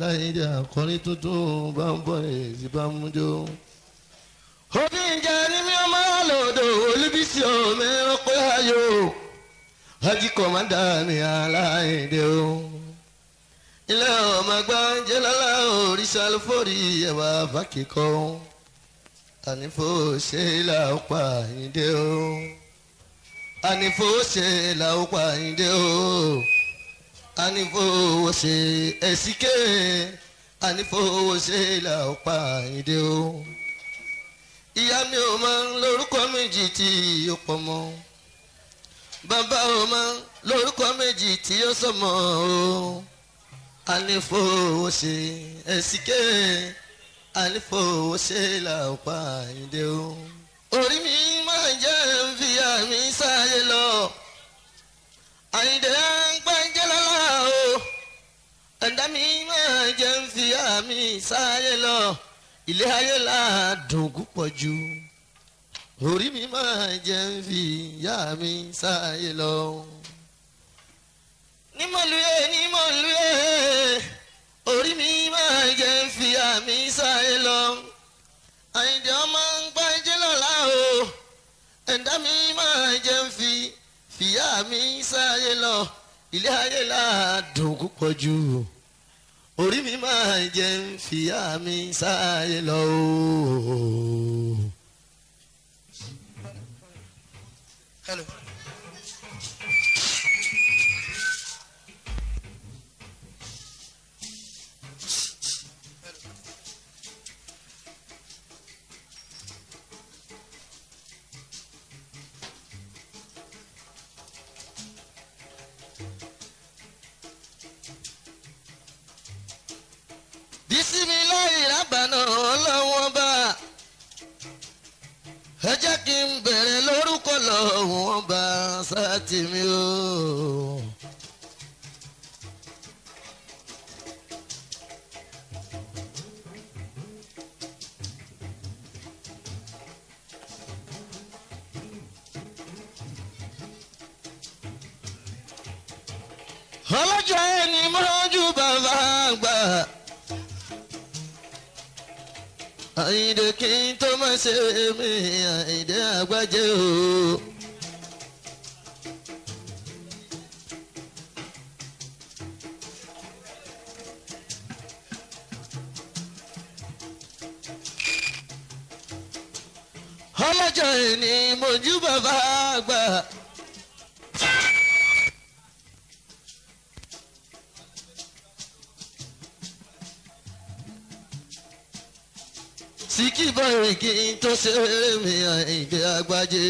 láyédè àkọ́rí tuntun bá ń bọ̀ èsì bá mú jó. òbí ìjà ni mi ò máa lò dò olúbísí ọmọ ẹ̀rọ pé ayò hájí kọ̀mádà mi aláìdè o. ilé ọmọ àgbà jẹ́lọ́lá òrìṣà ló fòrí ẹ̀wà fàkìkọ́ ànífò ṣe là ó pa àyíndé o ànífò ṣe là ó pa àyíndé o ànífowóṣe ẹ̀sìnké ànífowóṣe là ó pa àyíndé o. ìyá mi ò mọ lórúkọ méjì tí ó pọ̀ mọ́ bàbá ò mọ lórúkọ méjì tí ó sọmọ o. ànífowóṣe ẹ̀sìnké ànífowóṣe là ó pa àyíndé o. orí mi máa jẹ́ ń fi sáyé lọ àyíndé ẹ̀dá mi máa jẹ́ ń fi àmì sáyé lọ ilé ayé ládùn púpọ̀ jù orí mi máa jẹ́ ń fi ìyá mi sáyé lọ. nímọ̀lúyé e, nímọ̀lúyé e. orí mi máa jẹ́ ń fi àmì sáyé lọ. àyìndé ọmọ ń gbájẹ́ lọ́la o ẹ̀dá máa jẹ́ ń fi fìyà mi sáyé lọ ilé ayé ládùn púpọ̀ jù orí mi máa jẹ́ ń fìyà mi sáyé lọ ooo. Hello. kí n bẹ̀rẹ̀ lórúkọ lọ́hùn ọba sátìmí o. àyìndé kí n tó má ṣe mí àyìndé àgbájé o. ọlọ́jọ́ ni mojú bàbá àgbà. jíbọn ìrìkì tó ṣe eré mi àìdè àgbájé.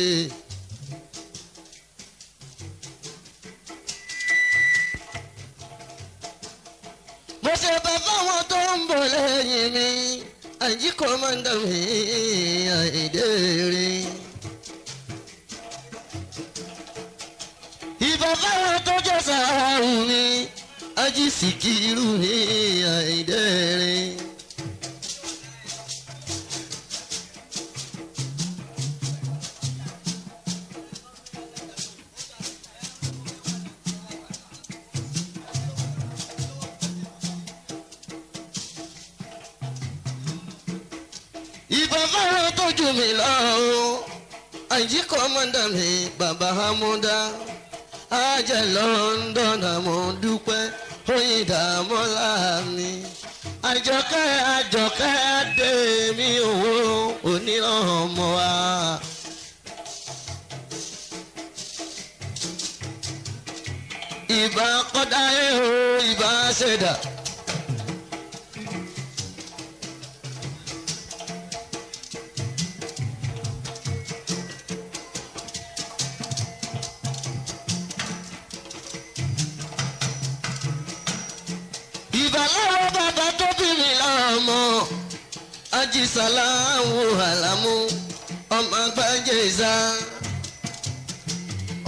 mo ṣe bá fáwọn tó ń bọ̀ lẹ́yìn mi àjí kọ́mọ́ndà mi àìdè rí. ìbọn fáwọn tó jẹ́ sàárù mi àjí Síkírù ní àìdè aji kọ́mọ́dà mi bàbá hamúdá ajẹ́ London àmọ́ dúpẹ́ oyin dàmọ́lá mi àjọkẹ́ àjọkẹ́ dé mi òwò oníran ọmọ wa. ìbá kọ́dáyé o ìbá ṣẹ̀dá. ọmọ ajísàlá àwọn àlámú ọmọ agbájẹsà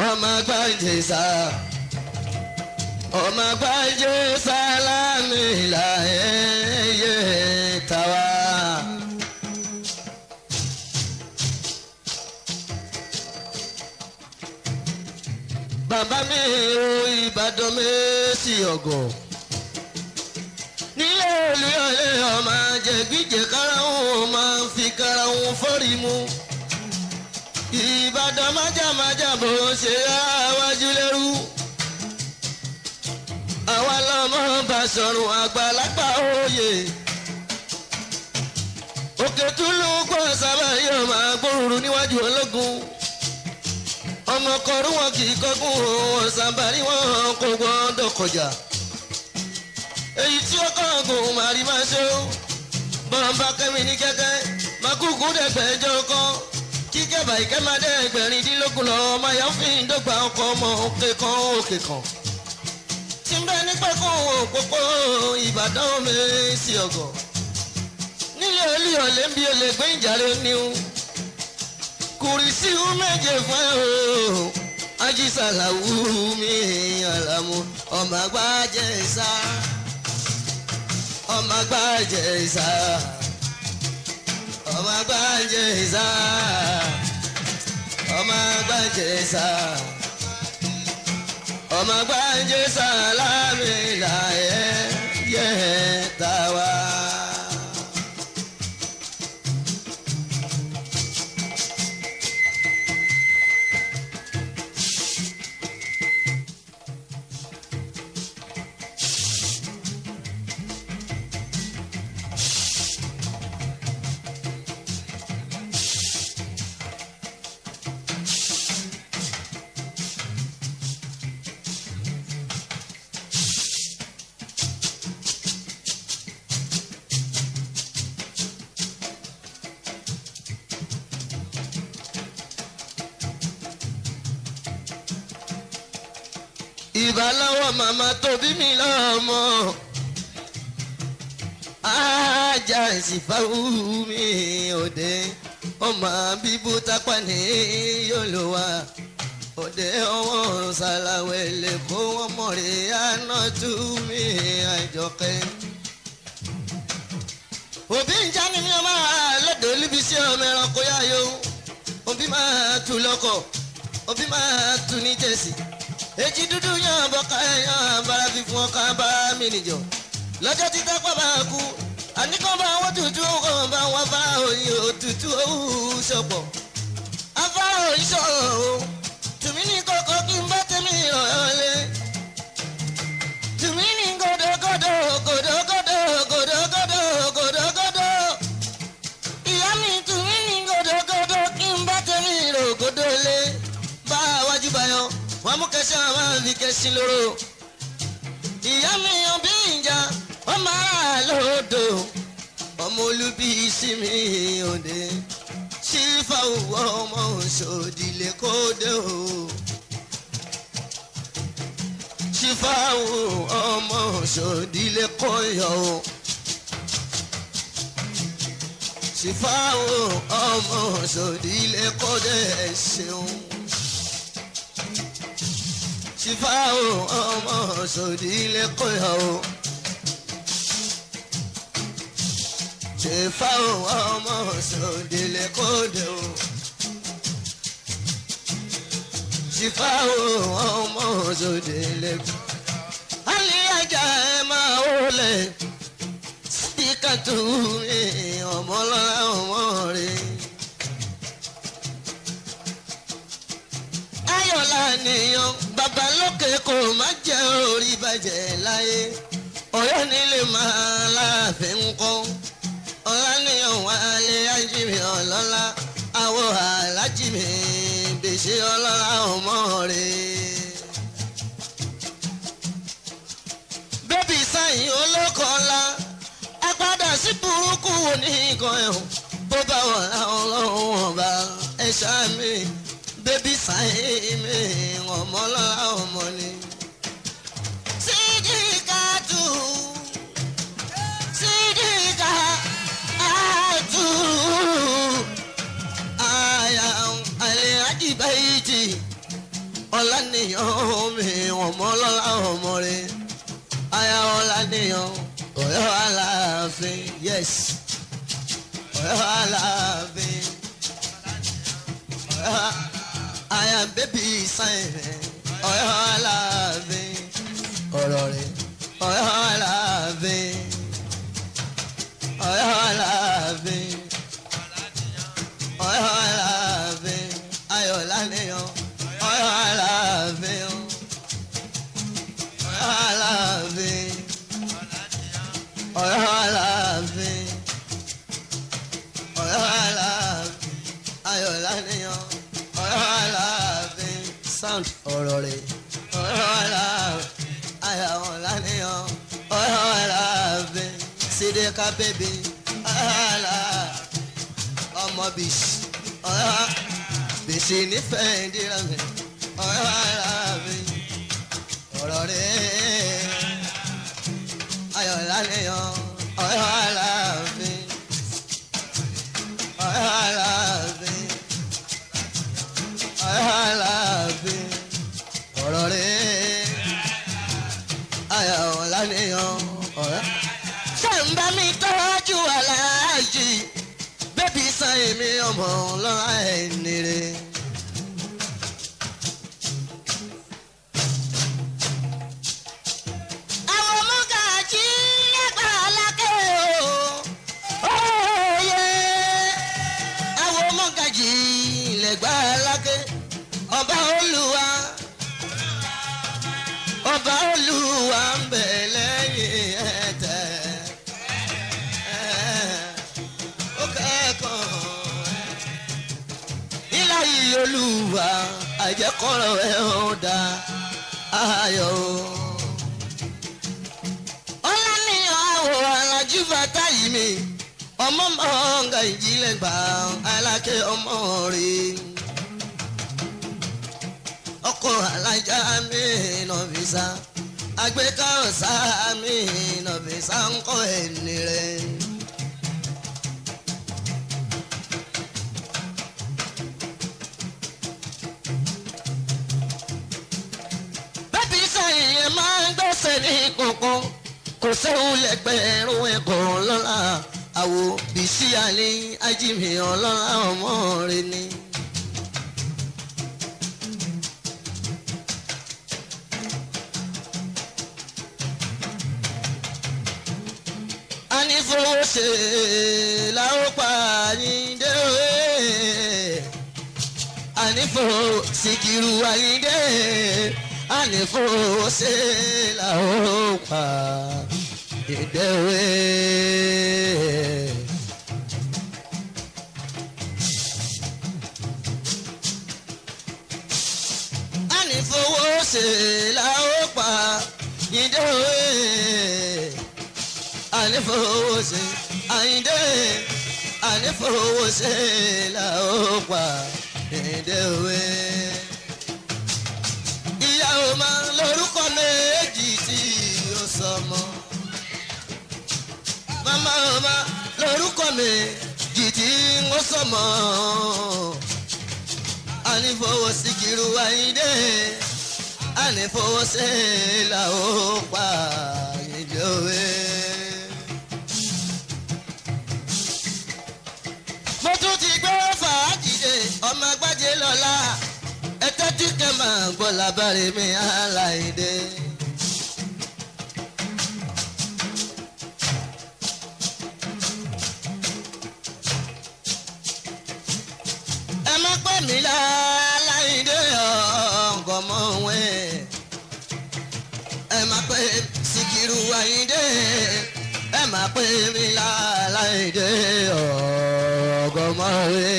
ọmọ agbájẹsà ọmọ agbájẹsà lámìlà ẹyẹ tàwa. bàbá mi ò Ìbàdàn mi sí ọgọ. olè olè ọmọ jẹgbíjẹ karahun máa ń fi karahun ma mu. ìbàdàn májàmájà bò ń ṣe àgbàlagbà òye. òkè túlù kọ́ sábà yóò máa gbóòrò níwájú ológun ọmọkọrún wọn kì í kọ́kún òun ọ̀sán bá ní wọn èyí tí ó kàn kò máa rí máa ṣe ó bọ́ǹbà kẹ́mi ní kẹ́kẹ́ makúkú dẹ̀gbẹ́jọ́ kọ́ kíkẹ́ bàyí kẹ́ máa dẹ́ ẹgbẹ̀rindínlógún lọ́wọ́ máa yọ fi ń dọ́gba ọkọ̀ ọmọ òkè kan òkè kan. tí ń bẹ ní pẹ́kún òpópó ìbàdàn mi sí ọ̀gọ̀ nílé olú ọ̀lẹ́ bí olè gbé ìjàre níwú kùrìsì méje fún ẹ o ajísàlàwù mi àlàmú ọmọ àgbà jẹ sáà ọmọ gbàjẹ ìsà ọmọ gbàjẹ ìsà ọmọ gbàjẹ ìsà ọmọ gbàjẹ ìsà lámìlá. Mama, tobi bí mi lọ́mọ ajá ìsìfáwù mi òde ọmọ bíbú tápá ní yóò lò wá òde ọwọ́ ṣàlàwẹ̀ lè kó wọ́n mọ̀ rí àná tú mi àjọkẹ́. òbí ń já ni mi ọmọ àlọ́dọ̀ olúbi sí ọmọ ẹranko yá yó òbí máa tu lọ́kọ̀ òbí máa tu ní jẹ̀sì èjì dúdú yan bọ́ká yan bára fífún ọkàn bá mi nìjọ lọ́jọ́ tí tápá bá kú àníkàn bá wọn tutù ọkàn bá wọn bá òyìn òtútù òwú sọ̀pọ̀ afárá òyìn sọ̀rọ̀ o tùmí ní kọ̀ọ̀kan kí n bá tẹ̀mí ọ̀rọ̀ lé àbí kẹ́sí lóró. ìyá mi yan bí ìjà wọ́n máa rà lódò ọmọ olúbi ìsinmi òde sífà òwò ọmọ òṣòdìlẹ kóde o sífà ọmọ òṣòdìlẹ kọyọ o sífà ọmọ òṣòdìlẹ kóde ẹ ṣeun ṣìfà o ọmọ sòdí lẹ́kọ̀ọ́ yà o. ṣèfà o ọmọ sòdí lẹ́kọ̀ọ́ dẹ̀ o. ṣìfà o ọmọ sòdí lẹ́kọ̀ọ́. alẹ́ ajá ẹ máa wọlé síkàtú eh, ọmọ lọ́la ọmọ rẹ̀. báyọ̀ lánìyàn bàbá lókè kò má jẹ́ orí bàjẹ́ láyé ọ̀yọ́ nílé máa láàfin ń kọ́ ọ̀lànìyàn wà lé ájímì ọlọ́lá àwọ̀ alájímì bèṣe ọlọ́lá ọmọ rẹ̀. bébì sáyìn olókọ́lá ẹ padà sí burúkú ẹ̀hún bó bá wà láwọn ọlọ́run ọba mi. bébí sàyẹ̀mí ọmọlọ́lá ọmọ ni. sídìkà tù sídìkà àtù àyà àlèájì báyìí jì ọ̀lànìyàn mi ọmọlọ́lá ọmọ rẹ àyà ọ̀lànìyàn ọ̀yọ́ aláàfin yes ọ̀yọ́ aláàfin. uh am baby sign. Ọ̀yọ́ aláàbí ọ̀rọ̀ oh, Ọ̀yọ́ aláàbí. this, ah, this ajími ọlọ́lá ọmọ rẹ ni. a ní fowó ṣe láwọn pa àyíndé òye a ní fowó Síkírù àyíndé a ní fowó ṣe láwọn pa àyíndé òye. ṣe la ó pa Àyìndé òye ànífowóṣe Àyìndé ànífowóṣe la ó pa Àyìndé òye. ìyá o máa lórúkọ méjì tí o sọ màmá o máa lórúkọ méjì tí o sọ mọ́ ànífowóṣe kiri ànífowóṣe là ó pa ìjọwé. mo tún ti gbé fàájìde ọmọ agbájé lọ́la ẹ tẹ́tí gbọ́ lábàárẹ̀ mi aláìdé. ẹ má pẹ́ mi láà. àyíndé ẹ máa pè mí láláìdé ọ̀gọ́mọ̀wé.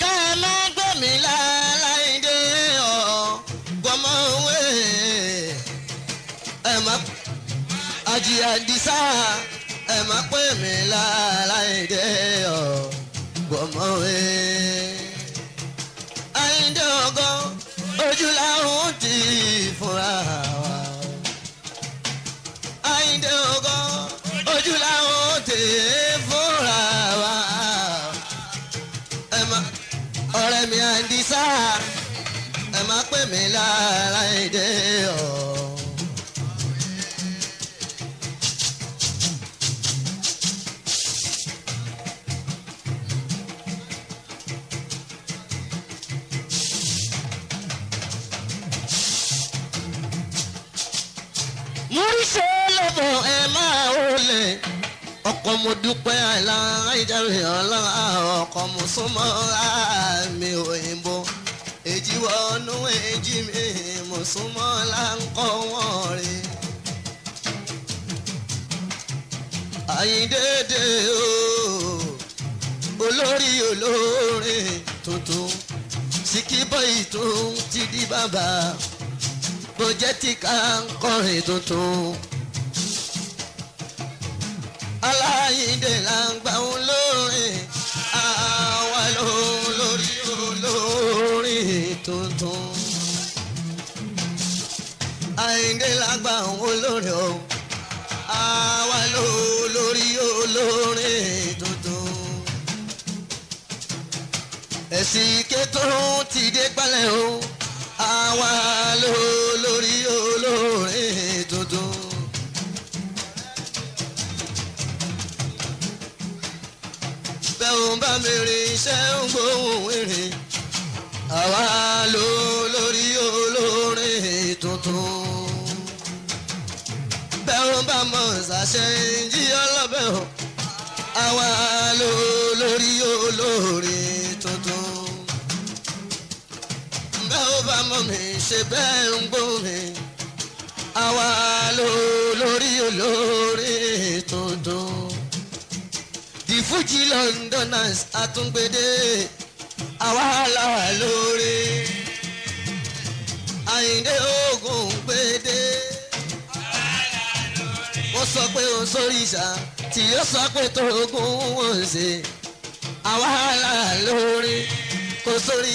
kẹ́ ẹ má gbé mi láláìdé ọ̀gọ́mọ̀wé ẹ má àjì àdìsá ẹ má pè mí láláìdé ọ̀gọ́mọ̀wé ògo ojú làwọn ti fúnra wa. Àyìndé ògo ojú làwọn ti fúnra wa. ọ̀rẹ́ mi Àdìsá ẹ má pè mí lára ìdè ọ̀. mo dúpẹ́ aláìjáre ọlá ọkọ̀ mo súnmọ́ àmì òyìnbó èjì wọnú èjì mi mo súnmọ́ láńkọ́ wọn rí. àyíndéédé o olórí olórin tuntun síkíbọ̀ ìtún ti di bàbá bó ká ń kọrin tuntun. ìdè là ń gbà ń lórí àwa lórí olórí tuntun. àìdè là ń gbà ń lórí o àwa lórí olórí tuntun. ẹ̀sìn ike ti dé palẹ̀ o àwa lórí olórí fẹ́ òun bá mi rìn iṣẹ́ ń gbóhùn èrè àwa ló lórí olórin tuntun. bẹ́ẹ̀ bá mọ̀ ṣàṣẹ ìjì ọlọ́bẹ̀ o àwa ló lórí olórin tuntun. bẹ́ẹ̀ bá mọ̀ mi ṣe bẹ́ẹ̀ ń gbóhùn mi àwa ló lórí olórin fújì londoners àtúngbèdè àwa làwà lóore àyìndé ogun gbèdè ó sọ pé ó sórí ìṣà tí ó sọ pé tó ogun wò ń ṣe àwa làwà lóore kò sórí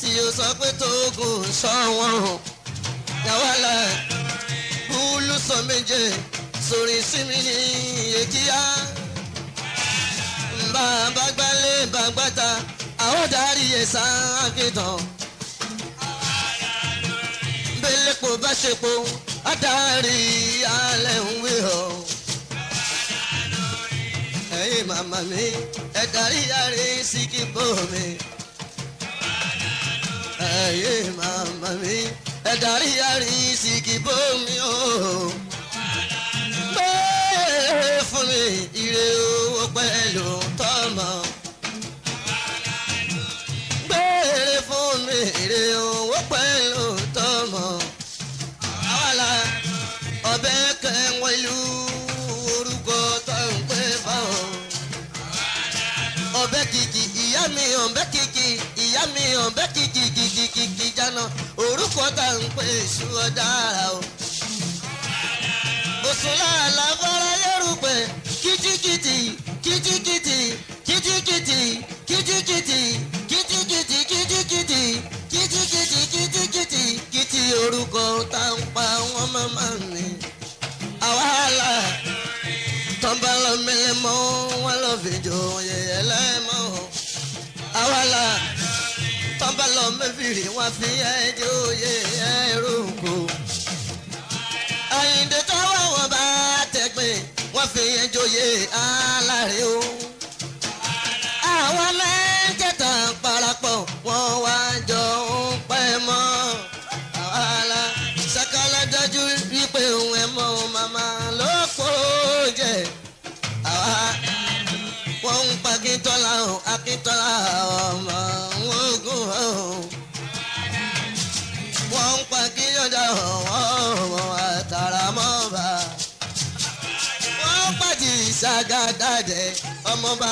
tí ó sọ pé tó ogun sọ wọn àwa làwà búlù sọ méje sórí sí mi ní èkíyà bàbá gbálé bàgbàta àwọn darí ẹ̀sà àfihàn. bẹ́lẹ́pọ̀ bá ṣepo adarí alẹ́ ń wí hàn. ẹ̀yin màmá mi ẹ̀ darí yàrá síkìbò mi. ẹ̀yin màmá mi ẹ̀ darí yàrá síkìbò mi o. fún mi ire owó pẹ̀lú. mi hàn bẹ́ kìkì ìyá mi hàn bẹ́ kìkì kìkì jana orúkọ tá n pè ṣú ọ̀dà o. Òsùnlá àlàfárá yẹ́rùpẹ̀ kìtìkìtì kìtìkìtì kìtìkìtì kìtìkìtì kìtìkìtì kìtìkìtì kìtìkìtì kìtìkìtì kìtì orúkọ tá n pa wọ́n máa ń mi. Àwàlà tọ́ba lọ́mẹ́lẹ́mọ́ wọn lọ́ọ́ fi jọ yẹ̀yẹ́ lẹ́mọ́ wàhálà tọ́ba lọ mẹ́fìrì wọn fi ẹjọ́ òye ẹ̀rọ òkú. àyìndé tọ́wọ́ wọn bá tẹ̀pẹ́ wọn fi ẹjọ́ òye aláre o. àwọn mẹ́jẹ̀ta parapọ̀ wọn wá akíntọ́lá o oh, akíntọ́lá ọmọ ogun oh, o. Oh. wọ́n ń pa kí yọjà ọmọ àtàràmọ́ba. wọ́n ń pàdé ìṣàgádàdẹ ọmọọba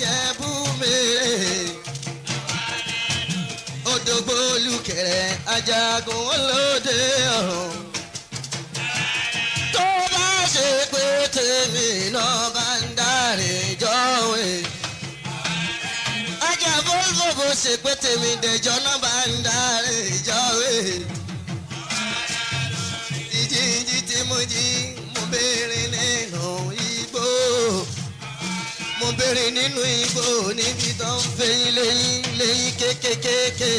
jẹ́bùmẹ́rẹ́. odògbò olùkẹrẹ ajagun olóde ọ̀hún. tó bá ṣe pé tèmi náà bá ń dáre jọ́wé bó ṣe pé tèmi dẹjọ́ náà bá ń darí ìjọ rẹ̀. ìjì ìjì tí mo jí mo béèrè nínú igbó mo béèrè nínú igbó níbi tó ń fẹyín lẹ́yìn lẹ́yìn kékékéèké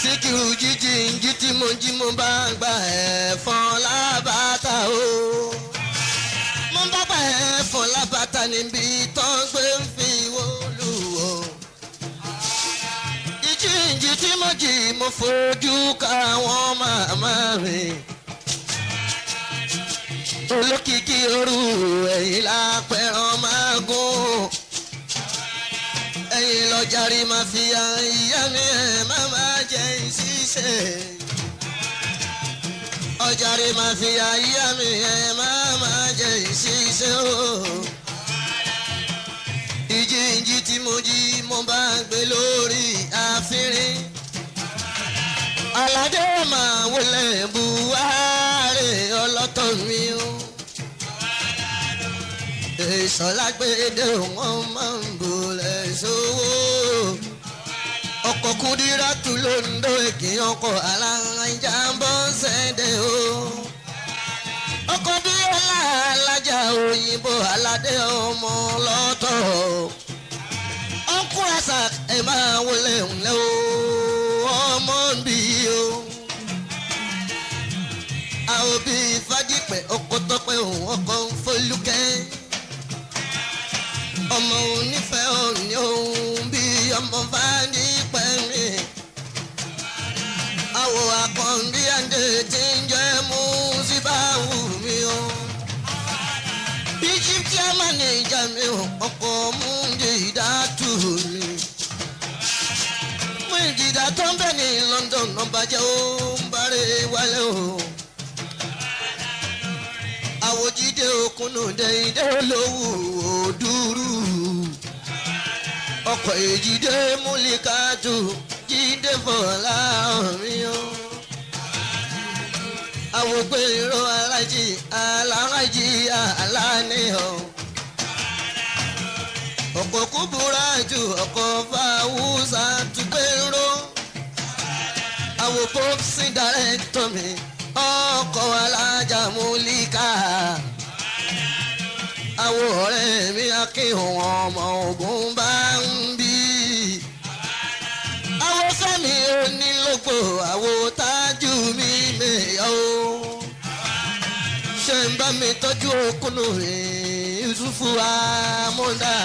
síkìrù jíjì ìjì tí mo jí mo bá ń gba ẹ̀fọn lábàtà o mo bá gba ẹ̀fọn lábàtà níbi tó ń gbé. méjì mo fojú ka àwọn màmá mi olókìkí òru ẹ̀yìn lápẹ̀rán máa gún ẹ̀yìn lọ́jàrí máa fi hàn ìyá mi ẹ̀ má máa jẹ́ ìṣiṣẹ́ ọjàrí máa fi hàn ìyá mi má jẹ́ ìṣiṣẹ́ o ìjì ìjì tí mo jí mo bá gbé lórí àfihàn. Alade ma wọlé buhari ọlọ́tọ̀ mi o. Ìsọlágbédé wọn máa ń bolẹ̀ sówó. Ọkọ̀ kúndírà tún ló ń dó èkì ọkọ̀ alájà ń bọ́ sẹ́dẹ̀ o. Ọkọ̀ díẹ̀ alájà òyìnbó aládé ọmọ lọ́tọ̀. Ọkùnrin àṣà ẹ̀ máa wọlé ńlẹ́ o ọmọdé o. àwọn bíi fadípẹ̀ ọkọ tọpẹ́ òun ọkọ fọlúkẹ́. ọmọ onífẹ́ òní òun bíi ọmọ fadípẹ̀ mi. àwọn akọ̀ǹdí àǹdè tí ń jẹ́ mú sí báwù mi o. bíjí tí a máa ní ìjà mi ò ọkọ̀ mú ń di ìdá tù mí ìdá tó ń bẹ ní London nọmba jẹ́ ó ń bárẹ̀ wálé o. àwòjídé òkúnnùdé ìdé olówó òdúrú. ọkọ̀ èjìdé múlikátù jíde fọ̀ọ́lá ọ̀rin o. àwògbé ìró alájì alájì aláàní o ọkọ̀ kúburá ju ọkọ̀ fáwùsà tún àwọn boxing director mi ọkọ̀ alájà múlíkà àwọn ọ̀rẹ́ mi akíhùn ọmọ ogun bá ń bí. àwọn fẹ́mi onílòpò àwọn tájú mi mẹ́yọ́ o. ṣé ń bá mi tọ́jú okùnù mi yusufu amúdá.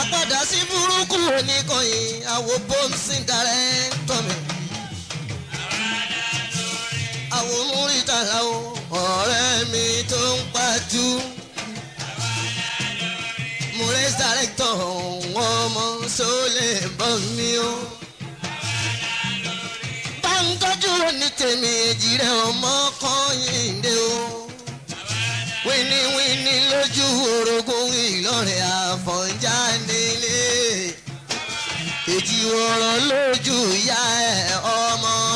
àpàdásí burúkú oníkọyìn àwọn bọ́ǹsì dàrẹ́. múrí tàlà o ọ̀rẹ́ mi tó ń pàtú. múrẹ́sì dàrẹ́kítọ̀ ọmọ sólè bọ́ mi o. bá ń tọ́jú ní tèmi èjì rẹ̀ ọmọ kan yìí dé o. ọmọ.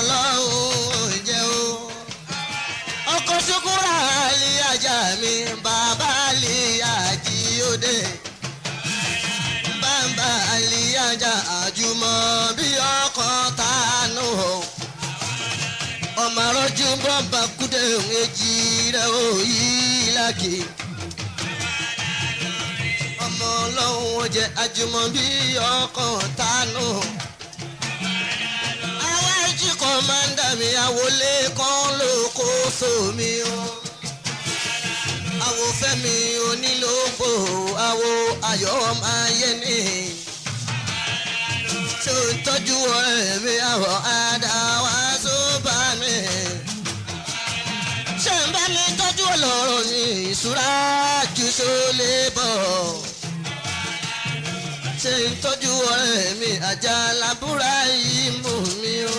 ṣukura lè ajá mi bàbá lè àjí òde bàbá lè ajá àjùmọ̀ bí ọkọ̀ tánú o ọmọ arọ́jú bọ́mbà kúdé òun èjì rẹ̀ ó yí ọmọ ọlọ́run ó jẹ́ àjùmọ̀ bí ọkọ̀ tánú o kọ́mándà mi àwọlé kan ló kó sómi o. àwo fẹ́mi onílòpọ̀ àwo ayọ̀ máa yẹ ní. tó ń tọ́jú ọ̀rẹ́ mi àwọ̀ àdáwà tó bá mi. ṣé ń bá mi tọ́jú ọlọ́rọ̀ ní ìṣúra ju tó lè bọ̀ ṣe ń tọ́jú ọ̀rẹ́ mi àjà làbúrà yìí mú mi o.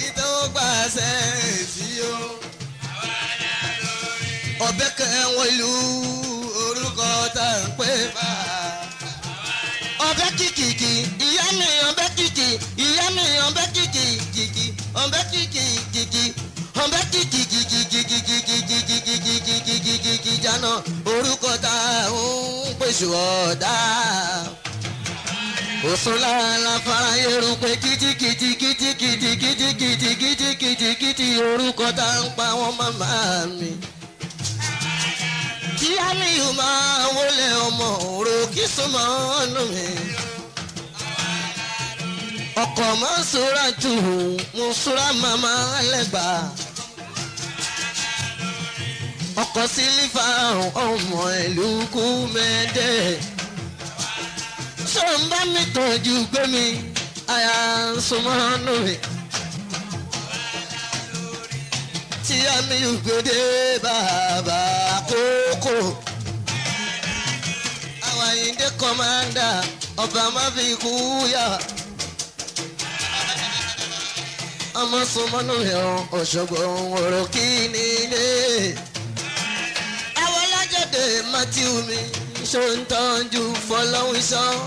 percent yó. ọbẹ̀ kẹwọn ìlú orúkọ tá à ń pè bá. ọbẹ̀ kìkìkì ìyá mi ọbẹ̀ kìkì ìyá mi ọbẹ̀ kìkì kìkì ọbẹ̀ kìkì kìkì ọbẹ̀ kìkì kìkì kìkì kìkì kìkì kìkì kìkì kìkì jana orúkọ tá à ń pèsè ọ̀dà òsùn láàlà fara yẹrù pé kìtìkìtì kìtìkìtì kìtìkìtì kìtìkìtì kìtì orúkọ tá ń pa wọn màmá mi. kí aliyu máa wọlé ọmọ òru kí súnmọ́ ọ̀nà mi. ọkọ̀ máa ń sora jù mo sora màmá lẹ́gbàá. ọkọ̀ sílífà ọmọ ìlú kú mẹ́ẹ̀ẹ́dẹ́ẹ̀ tó ń bá mi tọ́jú gbé mi àyà ń súnmọ́ nù mí. tí a mi ò gbèdé bàbá àkókò. àwọn àyíǹde kọ́mándà ọba má fi kú yà. ọmọ súnmọ́ nù mí ọ̀ṣọ́gbọ̀n ọ̀rọ̀ kí ni ilé. àwọn alájọ̀dẹ̀ mátíù mi ṣó ń tọ́jú fọlọ́wísán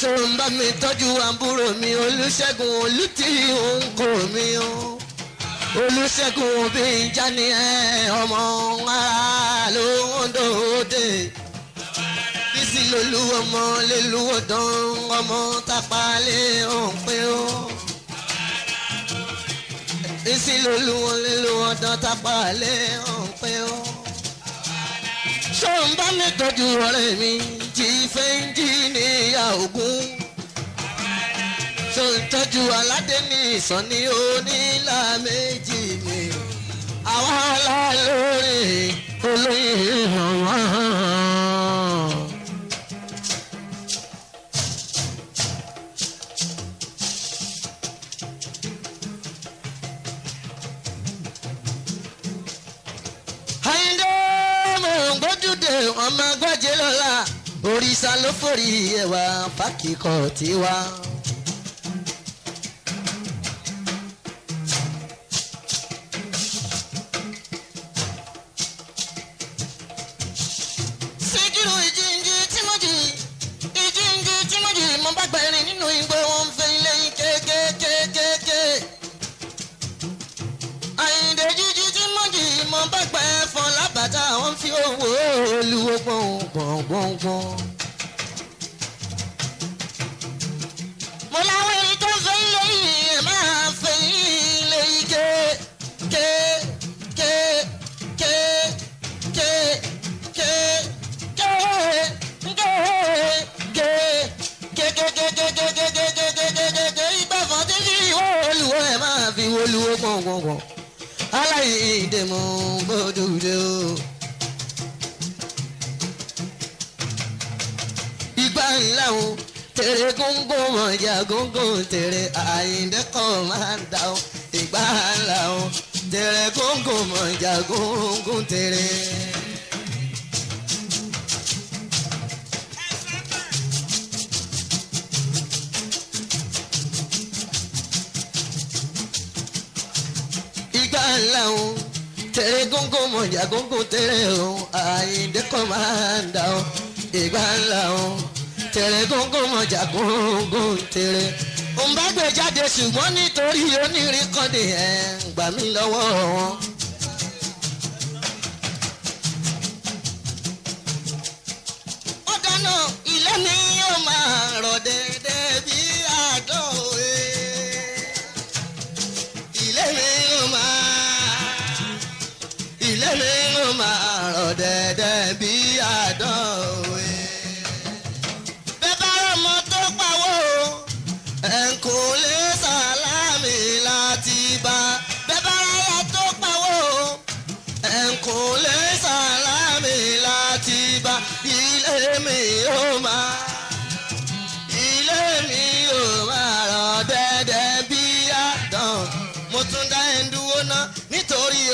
ṣòro ń bá mi tọ́jú àbúrò mi olùṣègùn olùtí òun kò o olùṣègùn òbí ìjà ni ẹ ọmọ ara ló ń dòde bísí lolú ọmọ lélu ọdán ọmọ tápá lé òun pé o bísí lolú ọmọ lélu ọdán tápá lé òun pé o ṣọ́n bá mi tọ́jú ọ̀rẹ́ mi tí fẹ́ ń jí ní ìyá ògún. ṣọ́n tọ́jú aládé ní ìsọ̀ní onílà méjì mi. àwa la lórí olóyè ìhàn wá. ọmọ gbọ́jẹ́ lọ́la òrìṣà ló forí ẹwà fákìkọ̀ tiwa. síkírù ìjíǹjì tímọ́jì ìjíǹjì tímọ́jì mo bá gbẹ̀rin nínú igbó wọn fẹ́ ilé yín kékékékéké. àyìndé jíjí tímọ́jì mo bá gbẹ̀ fọ̀lá àtàtà wọn fi owó olúwo gbọ̀ngbọ̀ngbọ̀ngbọ̀n. mo láwọn ẹni tó fẹ́ lẹ́yìn ẹ̀ máa fẹ́ lẹ́yìn ké ké ké ké ké ké ké ké ké kékékékékékékékékékékékéké ìgbàfọ̀n tí kì í wọ́ olùwọ́ ẹ̀ máa fi wọ́ olùwọ́ gbọ̀ngbọ̀ngbọ̀n aláìdè mọ̀ gbọ́dọ̀ dé o. o tèrè góńgó mọ̀jà góńgó tèrè àyíndé kan máa ń dà o ìgbà ńlá o tèrè góńgó mọ̀jà góńgó tèrè. ìgbà ńlá o tèrè góńgó mọ̀jà góńgó tèrè o àyíndé kan máa ń dà ìgbà ńlá o tèrè góńgómọ̀ jà góńgó tèrè. òun bá gbé jáde ṣùgbọ́n nítorí onírìnkàndé ẹ̀ ń gbà mí lọ́wọ́ wọn.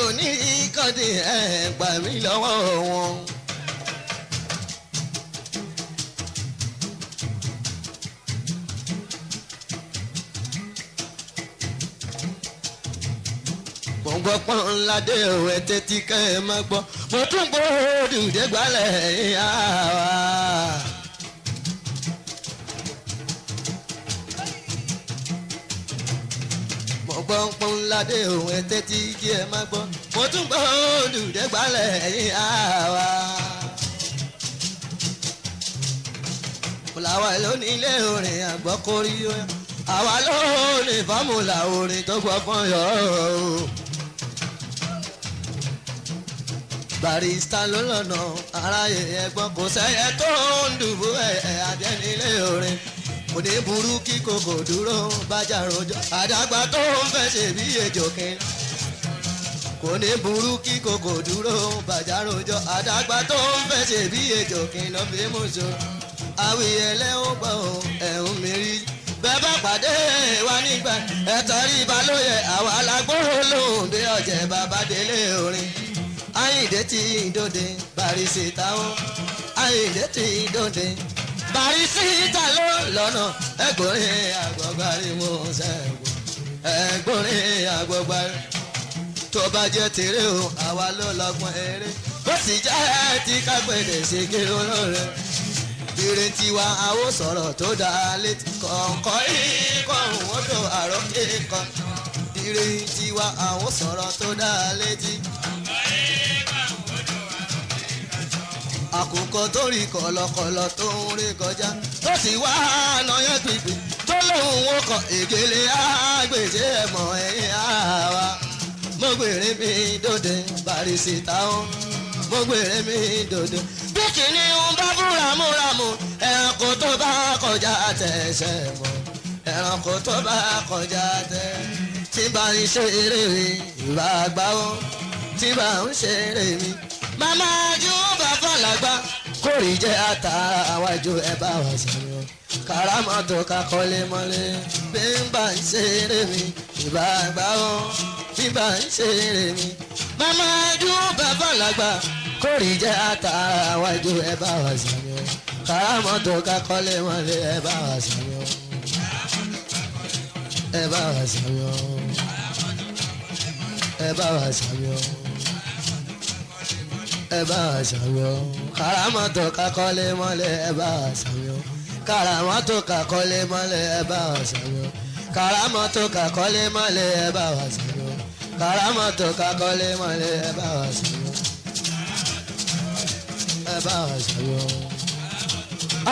òní kọ́dé ẹ̀ gbà mí lọ́wọ́ wọn. gbọ́pọ́n ládé òwe tẹ́tí ká ẹ má gbọ́ mo tún gbòòdù dé gbálẹ̀ ìyá pọ́npọ́n ládé òun ẹ tẹ́tí kí ẹ má gbọ́ mo tún gbọ́ olùdẹ́gbàlẹ̀ ẹ̀yìn àwa. fúláwà lónìí ilé orin àgbọ́kórí àwa lónìí fámùlà orin tó gbọ́ fún yọ o. Barrister ló lọ́nà aráyé ẹgbọ́n kò sẹ́yẹ tó ń dùbú ẹ̀ adẹ́nilé orin òní burú kí kòkò dúró bájà rojọ́ àdàgbà tó ń fẹ́ ṣe bí ejò kin kò ní burú kí kòkò dúró bájà rojọ́ àdàgbà tó ń fẹ́ ṣe bí ejò kin fi mú ṣòro àwìyẹlẹ́ ó gbọ́ ẹ̀hún mi rí bẹ́ẹ̀ bá pàdé wa nígbà ẹ̀tọ́ rí balóye àwa alágbóró lòun bí ọ̀jẹ̀ bàbá délé orin Àyìndé tí ń dòde Barrister táwọn Àyìndé tí ń dòde bàrí síta ló lọ́nà ẹgbọ́nrin àgbọ̀gbárí mo ṣẹ́gun ẹgbọ́nrin àgbọ̀gbárí tó bá jẹ́ tèrè o àwa ló lọ́gbọ́n eré bó sì jẹ́ ti kápẹ́dẹ̀ sí kí olóore ìrìn tiwa àwo sọ̀rọ̀ tó dáa létí kọ̀ọ̀kan ikọ̀ òun tó àròkè kan ìrìn tiwa àwo sọ̀rọ̀ tó dáa létí àkùkọ tó rí kọ̀lọ̀kọ̀lọ̀ tó ń ré kọjá tó sì wá lọ́yàn pípé tó lóun ó kọ ègèlè àgbèsè ẹ̀mọ́ ẹ̀yìn àwa mo gbèrè mi dòde bàrìsì táwọn mo gbèrè mi dòde bí kìnìún bá búramúramù ẹranko tó bá kọjá tẹ̀sẹ̀ mọ́ ẹranko tó bá kọjá tẹ̀ tí bá ń ṣe eré mi ìbá gbáwọ́ tí bá ń ṣe eré mi. Mama ju bàbá làgbà kórè jẹ́ ata àwa ju ẹ bá wa sọ̀rọ̀ kàràmọ́tò kakọ́lé mọ́lé bí n bá ń ṣeré mi ìbá gbà bí n bá ń ṣeré mi màmá ju bàbá làgbà kórè jẹ́ ata àwa ẹ bá wa sọ̀rọ̀ kàràmọ́tò kakọ́lé mọ́lé ẹ bá wa sọ̀rọ̀ ẹ bá wa sọ̀rọ̀ ẹ bá wa sọ̀rọ̀ ẹ bá a ṣàyọ. kàràmọ́tò kakọ́lé mọ́lẹ̀ ẹ bá a ṣàyọ. ka kakọ́lé mọ́lẹ̀ ẹ bá a ṣàyọ. kàràmọ́tò kakọ́lé mọ́lẹ̀ ẹ bá a ṣàyọ. kàràmọ́tò kakọ́lé mọ́lẹ̀ ẹ bá a ṣàyọ. ẹ bá a ṣàyọ.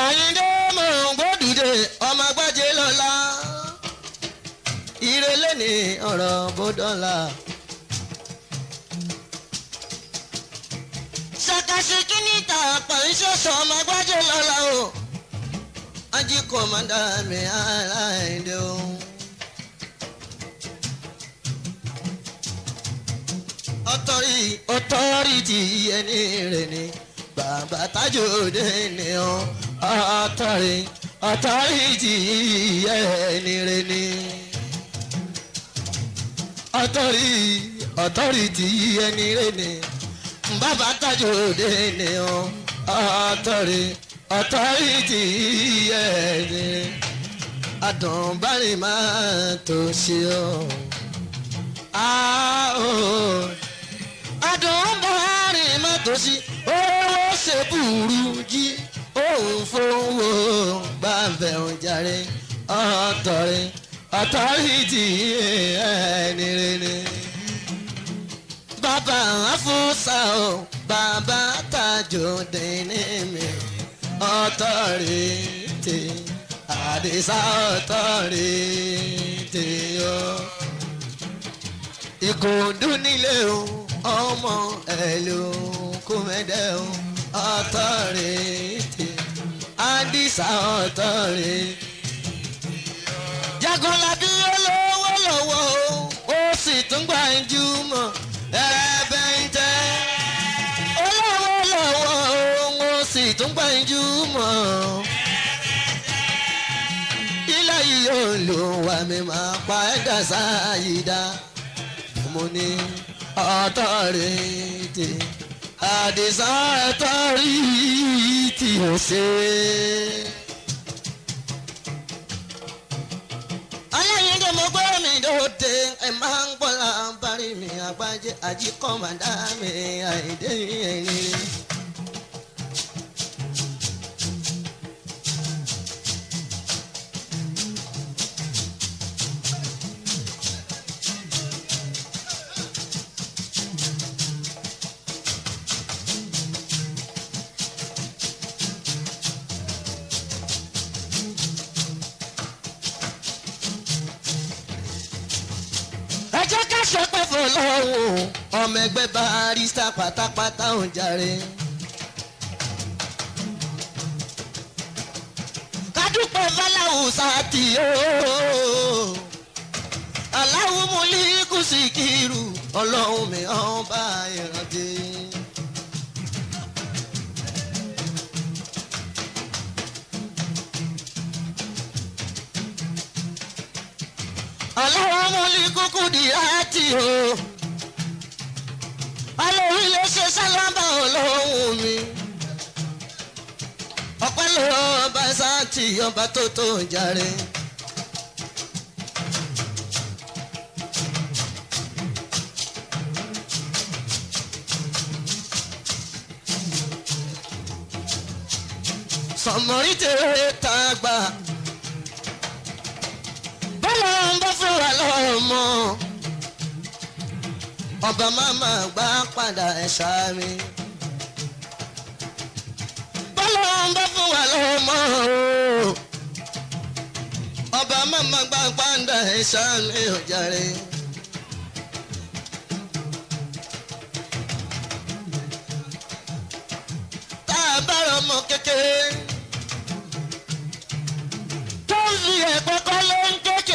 àyíndé mò ń gbódùdé ọmọ agbájé lọ́la ìrẹ̀lẹ̀ ní ọ̀rọ̀ bó dọ́là. ṣàkàṣì kí ní ìta àpà ń ṣọ̀ṣọ̀ ọmọ gbájú o ají kọ̀mọ́dà mi ara ẹ̀dẹ̀ o. ọtọ́rì ọtọ́rì ti ẹni rẹ̀ ni bàbá Tajudeen ni ọ ọtọ́rì ọtọ́rì ti ẹni rẹ̀ ni ọtọ́rì ọtọ́rì ti ẹni rẹ̀ ni dákun bàbá tajú òde ni ọ ọtọrí ọtọrí ti yẹ ni. àdùnbárìn máa tó ṣe ọ. àdùnbárìn máa tó ṣe owó ṣe burú jí òun fowó bá bẹ̀rùn jàre ọtọrí ọtọrí ti yẹ ni rere bàbá àfúnṣà o bàbá tajudeen mi ọtọrìtì àdìsá ọtọrìtì o. ìgòdú nílé o ọmọ ẹ̀lú kúmẹ́dẹ́ o ọtọrìtì àdìsá ọtọrìtì. Jagunlabi olówó lọ́wọ́ o ó sì tún gbàǹjú mọ́. lójúmọ́ ilé yìí ò lò wà mí máa pa ẹ̀dá sáyidá mo ní ọ̀tọ̀ rẹ̀ tì àdìsá ẹ̀tọ́ rí tì ó ṣe. aláyé tó mi dòde ẹ̀ máa ń gbọ́ làǹbárí mi àgbájẹ́ àjíkọ́ màdá mi ẹ̀yìn rẹ̀. ọ̀hún ọmọ ẹgbẹ́ barista pátápátá ń jàre. kádùpẹ̀ fáláwù sáàtì ooo aláwùmúlí kùsìkìrù ọlọ́run mi ọ̀hún bá ìrántí. ọlọ́run mú ní kúkú di àti o ọlọ́run ló ṣe sálábà olóhùn mi ọpẹ́ ló ọba sáàtì ọba tó tó jàre. sọmọ ìtẹ̀rẹ̀ tá ọlọ́run bó fún wa lọ́mọ. ọba máma gbá padà ẹ̀ṣá mi. bọ́lọ́run bó fún wa lọ́mọ. ọba máma gbá padà ẹ̀ṣá mi ò tá a bá ọmọ kékeré tó ń fi ẹ̀kọ́ kọ́lé.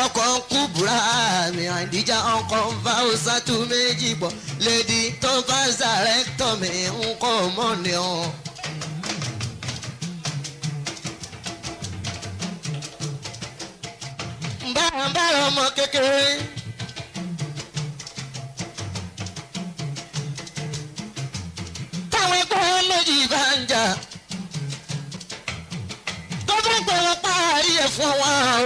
ọkọ̀ kúbúrà mi àdìjà ọkọ̀ nfa ọ̀sàtú méjì pọ̀ lèdi tó fà mi ni ọmọ kékeré. táwọn ẹgbẹ́ méjì bá ń jà tó fẹ́ gbọ́dọ̀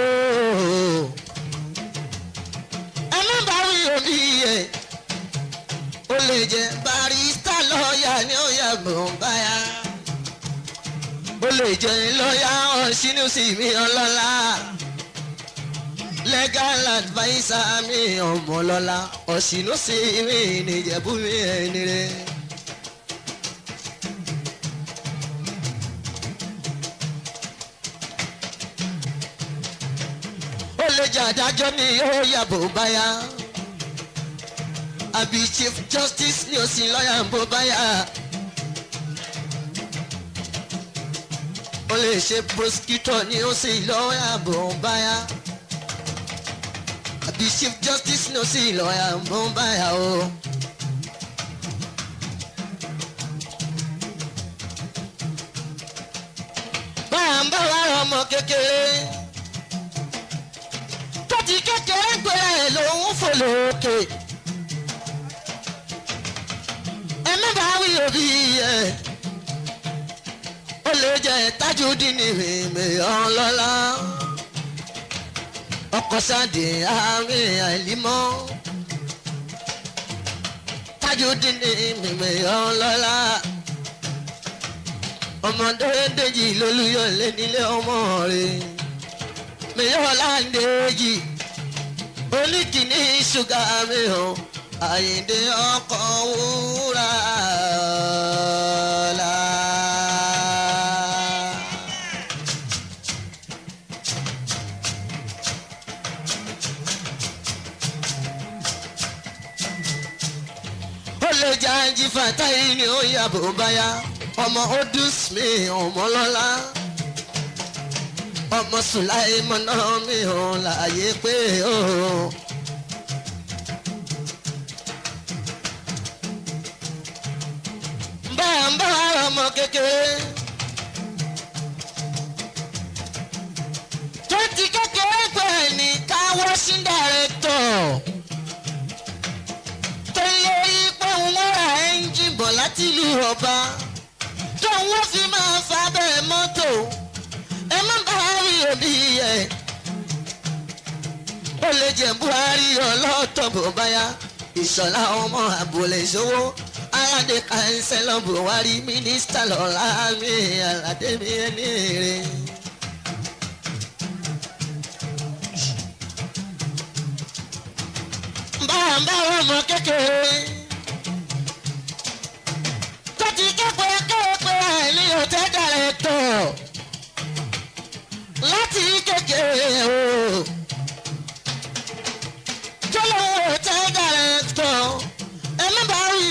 jẹ́ barista lọ́ọ̀yà ní ọ̀yà gbòǹbáyà ó lè jẹ́ lọ́ọ̀yà ọ̀ṣínúsì mi ọlọ́lá legal adviser mi ọmọlọ́lá ọ̀ṣínúsì mi nìjẹ̀bú mi ẹni rẹ̀. ó lè jẹ́ adájọ́ ni ó yàbò báyà àbí Chief Justice ní si lọ́yà ń bó báyà. ó lè ṣe prosecutor ní si lọ́yà ń bó báyà. àbí Chief Justice ní si lọ́yà ń bó báyà o. báyà ń bá lára ọmọ kékeré tó ti kékeré gbé ẹ̀ lòún fò lókè. ẹnìbáwí òbí yẹ ó lè jẹ Tajudeen ìmì ọlọ́lá ọkọ̀ sáde àárín àìlímọ́ Tajudeen ìmì ọlọ́lá ọmọdé dèjì lólúyọ̀lé nílé ọmọ rẹ̀ mẹ́yọ̀lá dèjì oníkìní ṣúgà mi hàn àyíǹde ọkọ̀ wúrà ọ̀la. ó lè jẹ́ ají fàtáyé ni ó yàbò báyà ọmọ odus mi ọmọ lọ́la ọmọ sùláìmọ̀ náà mi ò láàyè pé ó. ń bá ọmọ kékeré. tó ti kékeré pẹ̀ ní káwọ́ sí dàrẹ́tọ̀. tó lè rí pé wọ́n ra ẹ́ńjìn bọ̀ láti ìlú ọba. tó wọ́n fi máa fa bẹ́ẹ̀ mọ́tò. ẹ má bá rí òbí ẹ̀. ó lè jẹ́ buhari ọlọ́tọ̀ bó bá ìṣọ̀lá ọmọ àbúlé ìṣòwò aládé kánsẹ́lọ̀ buhari mínísítà lọ́la mi aládé mi ẹni rè. báwa ń báwa ọmọ kékeré tó ti kẹ́kọ̀ọ́ kẹ́kọ̀ọ́ àìní òtẹ́jà rẹ̀ tọ̀ láti kékeré o.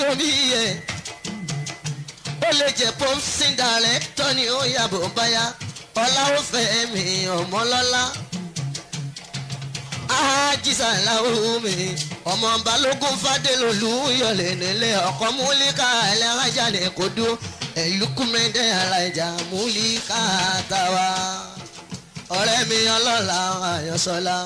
orí ẹ̀ ó lè jẹ́ pọ́ńsìn dàrẹ́tọ̀ ni ó yàbò báyà ọ̀làwọ̀fẹ́ mi ọ̀mọ́lọ́lá ajisa lawo mi ọmọ balógun fadelolu yọlẹ nílẹ ọkọ múlíkà ẹlẹ́rajà ní kodo ẹ̀lúkúmẹ́dẹ́ arajà múlíkà tàwa ọ̀rẹ́ mi ọlọ́lá ayọ̀sọ́lá.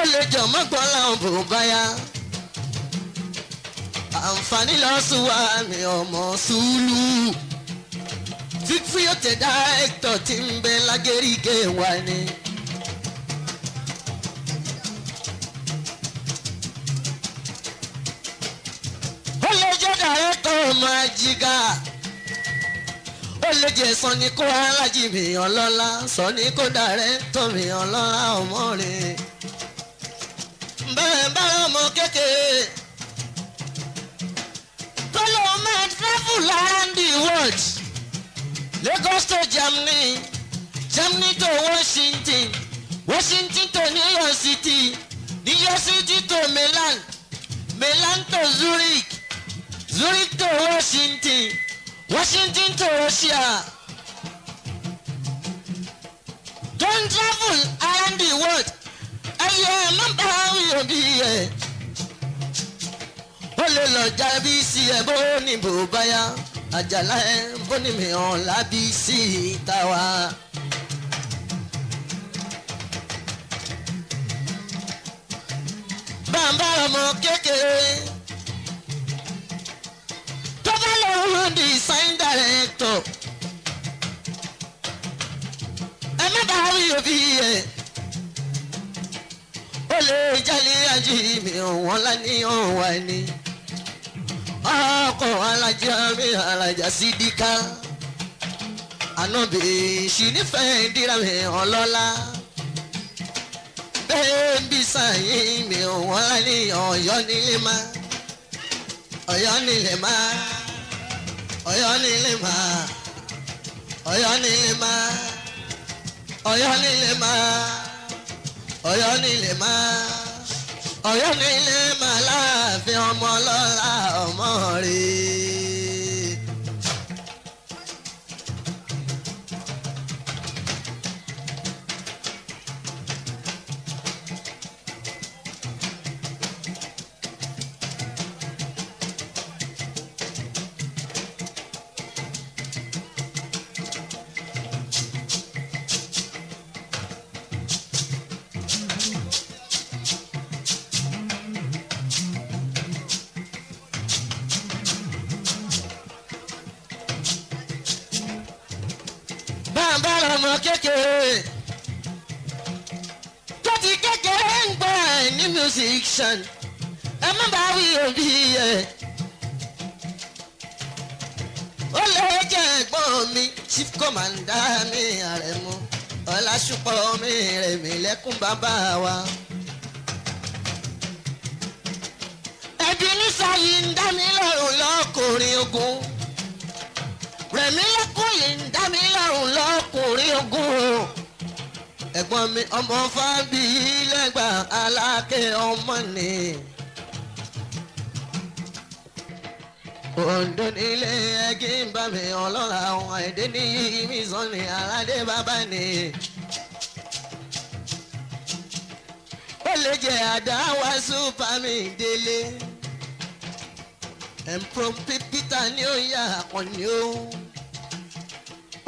ó lè jọ mọ́gbọ́n làwọn bò báyà àǹfààní lọ́sùn wa mi ọmọ sùúlù fífi ọ̀tẹ̀ dáẹ́tọ̀ tí ń bẹ lágẹ́ríkẹ́ wa ni. ó lè jẹ́ dáẹ́tọ̀ máa jìgà ó lè jẹ́ sọ́ni kó alájì mi ọlọ́lá sọ́ni kó dáẹ́tọ̀ mi ọlọ́lá ọmọ rẹ̀ bẹ́ẹ̀ bára ọmọ travel around the world Lagos to Germany Germany to Washington Washington to New York City New York City to Milan Milan to Zurich Zurich to Washington Washington to Russia don travel around the world yẹ nọ́mbà òbí yẹ ó lè lọ já bí sí ẹ bó ní bò báyà àjàlá ẹ bó ní mi hàn lábí sí ìta wa. bàbá ọmọ kékeré tó bá lọ́wọ́ design director ẹ má bàa rí yẹ. Jali lè jálè ají mi òun láníyàn wà ní. ọkọ̀ alájà mi alájà sídìkà ànábì ṣì nífẹ̀ẹ́ dírà mi ọlọ́lá bẹ́ẹ̀ bí sàyìn mi òun láníyàn ọ̀yọ́ nílé má ọ̀yọ́ nílé má ọ̀yọ́ nílé má ọ̀yọ́ nílé má ọ̀yọ́ nílé má ọ̀yọ́ nílẹ̀ máa ọ̀yọ́ nílẹ̀ máa láàfin ọmọ ọlọ́lá ọmọ rèé. kọ́mọ̀ndà mi rẹ̀ mu ọ̀làṣùpọ̀ mi rẹ̀ mi lẹ́kùn bàbá wa. ẹbí nísàyí ń dá mi lọ́rùn lọ́kùnrin ogun rẹ̀mí lẹ́kùn yìí ń dá mi lọ́rùn lọ́kùnrin ogun ẹ̀gbọ́n mi ọmọ fábíyí lẹ́gbàá alákẹ́ ọmọ nìyí. Ondo nílé ẹgí ń bá mi ọlọ́ra níyì mi sàn aládé bàbá ni. Ó lè jẹ́ mi délé. Ẹ̀mprom pípítà ni ó yà àkànní ó.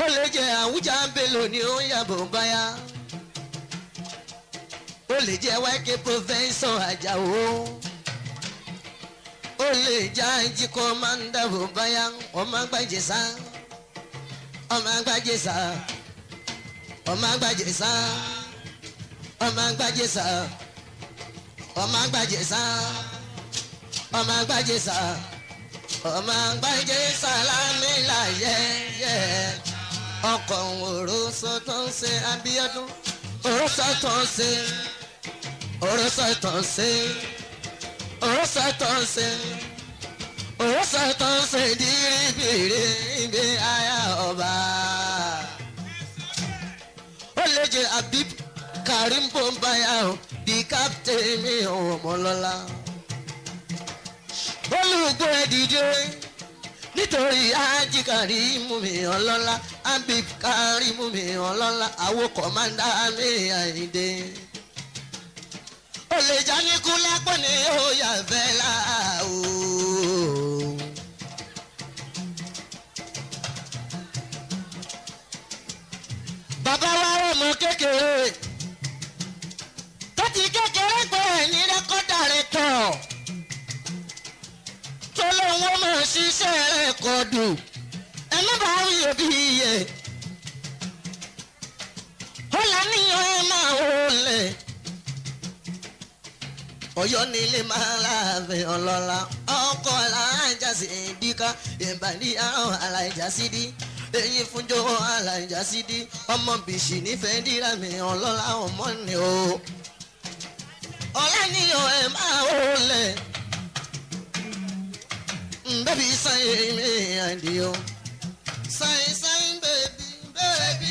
Ó lè jẹ́ àwùjá bèlò ni ó yà bò báyà. Ó lè jẹ́ wáìkì àjàwó olè jáàjì kó máa ń dàbò báyà ọmọ agbájẹ sá ọmọ agbájẹ sá ọmọ agbájẹ sá ọmọ agbájẹ sá ọmọ agbájẹ sá ọmọ agbájẹ sá ọmọ agbájẹ sá lámì láyé yẹ ọkọ̀ òru sọ́tọ̀ ṣe Abíọ́dún òru sọ́tọ̀ ṣe òru sọ́tọ̀ ṣe osatanse osatanse diribiri ibi aya ọba olèje abib karim bombaya o di captain mi ọmọlọla olùgbò ẹdìdì nítorí ájì kàrímù mi ọlọ́lá abib kàrímù mi ọlọ́lá àwo kọ̀mándà mi àyíndé olè jáníkú lápọ̀ ní òòyà fẹ́lá o. bàbá wa rọ̀ mọ́ kékeré tó ti kékeré pé ẹ̀ ní rẹ́kọ́dà rẹ̀ tọ̀ tó lóun ó mọ̀ ṣiṣẹ́ rẹ̀ kọ̀dù ẹ má bàa wí òbí yẹ ó lá níyàn ẹ máa wọlé ọ̀yọ́ nílé máa láàfin ọlọ́lá ọkọ̀ aláìjàsí ìdíkà ìbàdí àrùn aláìjàsí dí èyí fúnjọ aláìjàsí dí ọmọ bìṣì nífẹ̀ẹ́ díra mi ọlọ́lá ọmọ ni o. ọ̀la níyàn ẹ̀ máa ó lẹ̀ bẹ́bí sáyé mi àdìo sáyé sáyé bẹ́bí bẹ́bí.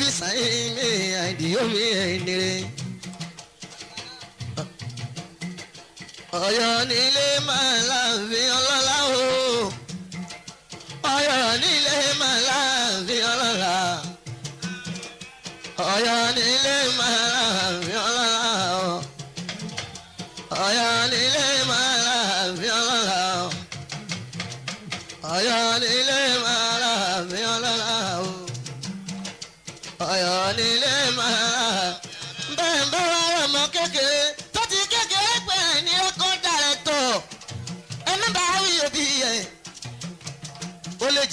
bisayi mi àìdíyó mi ẹnire. Ọ̀yọ́ nílé máa láàfin ọlọ́lá o. Ọ̀yọ́ nílé máa láàfin ọlọ́lá. Ọ̀yọ́ nílé máa láàfin ọlọ́lá o. Ọ̀yọ́ nílé máa láàfin ọlọ́lá o. Ọ̀yọ́ nílé máa.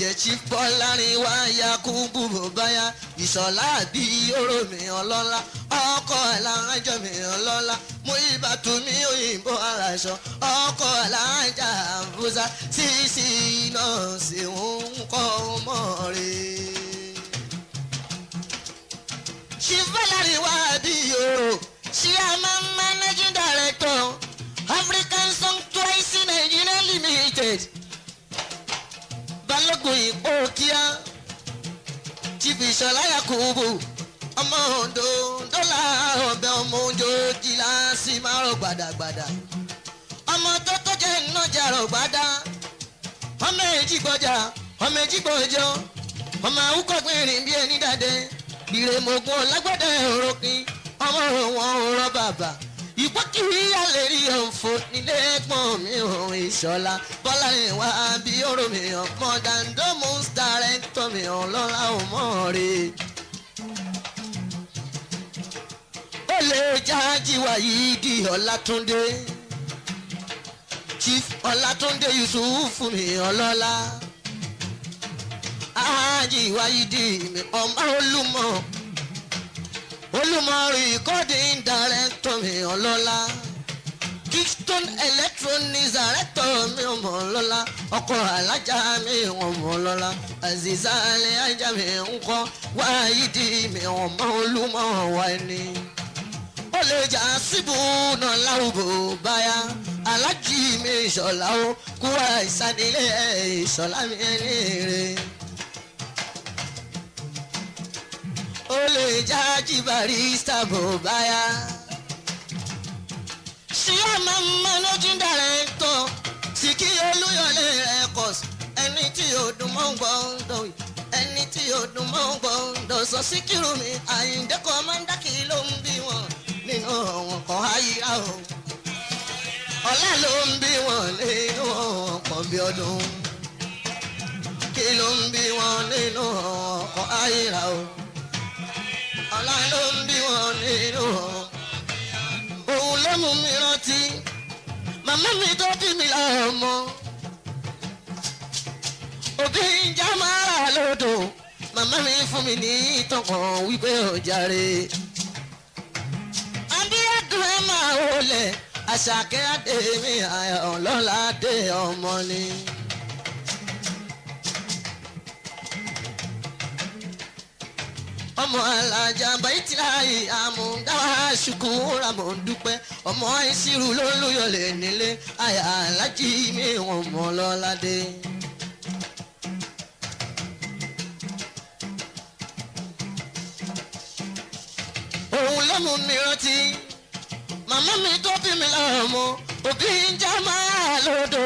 jẹ́ chief bọ́lárinwá yakubu bọ́báyá ìṣọ̀lá àbí oró mi ọlọ́lá ọkọ̀ aláǹjọ mi ọlọ́lá mú ìbátú mi òyìnbó aláṣọ ọkọ̀ aláǹjà àbúzá sísì náà sì ń kọ́ ọmọ rẹ̀. chief bọ́lárinwá àbí oró ṣí a máa ń managing director African Song Twice Nigeria Limited. balógun ìpó kíá chief ìṣọ̀lá yakubu ọmọ ondo dọ́là ọ̀bẹ ọmọ oúnjẹ dịla sí mara gbadagbada ọmọ tó tó jẹ́ ìnájà rọ̀ ọmọ èjì ọmọ èjì gbọ́jọ ọmọ bíi ẹni dàdé ọmọ bàbà. ìgbókìrí àlèrí òfò nílé pọ̀n mi òun ìṣọ́lá bọ́lá ìwà bí oró mi ọ̀pọ̀ dandomu dàrẹ́tọ̀ mi ọ̀lọ́lá òmọ́ọ̀rẹ́. ó lè jáàjì wàyí di ọ̀làtúndé chief ọ̀làtúndé yusuf mi ọ̀lọ́lá ájì wàyí di mi ọmọ olúmọ̀. Olúmọ recording director mi ọlọ́lá Kingston electronics director mi ọmọ ọlọ́lá ọkọ alájà mi ọmọ ọlọ́lá Aziza alẹ́ ajá mi ńkọ́ wáyídì mi ọmọ Olúmọ wá ni. ó lè jà síbù náà láwùbò báyà alájì mi ìṣọ̀lá ó kú àìsàn nílé ìṣọ̀lá mi ẹni rè ó lè jájì barista bó báyà. ṣíyá máa ń managing director sì kí olúyọlé records ẹni tí yóò dùn mọ́ ń gbọ́ ń dọ̀wì ẹni tí yóò dùn mọ́ ń gbọ́ ń dọ̀ sọ síkírù mi àyíǹde kọ́mọ́ndà kì í ló ń bí wọn nínú ọ̀wọ̀n kan ayíra o ọ̀la ló ń bí wọn nínú ọ̀wọ̀n kan bí ọdún kí ló ń bí wọn nínú ọ̀wọ̀n kan ayíra o láì ló ń mi rántí màmá mi tó bí mi lọ́mọ. òbí ń já mára lódò màmá mi fún mi ní ìtàn kan wípé ọ̀jàre. abíyádùn ẹ máa wọlé àṣàkẹ́ àdèmí àyọ̀ ọmọ ni. ọmọ alájà bàyìtì láàyè àmúdáwà ṣùkúrà mọ̀ ń dúpẹ́ ọmọ ìṣirù ló ń lóyọ̀lẹ̀ nílé àyà alájì mi wọ́n mọ̀ lọ́ládé. òun ló mú mi rántí màmá mi tó bí mi lọ́mọ òbí ń já máa lódò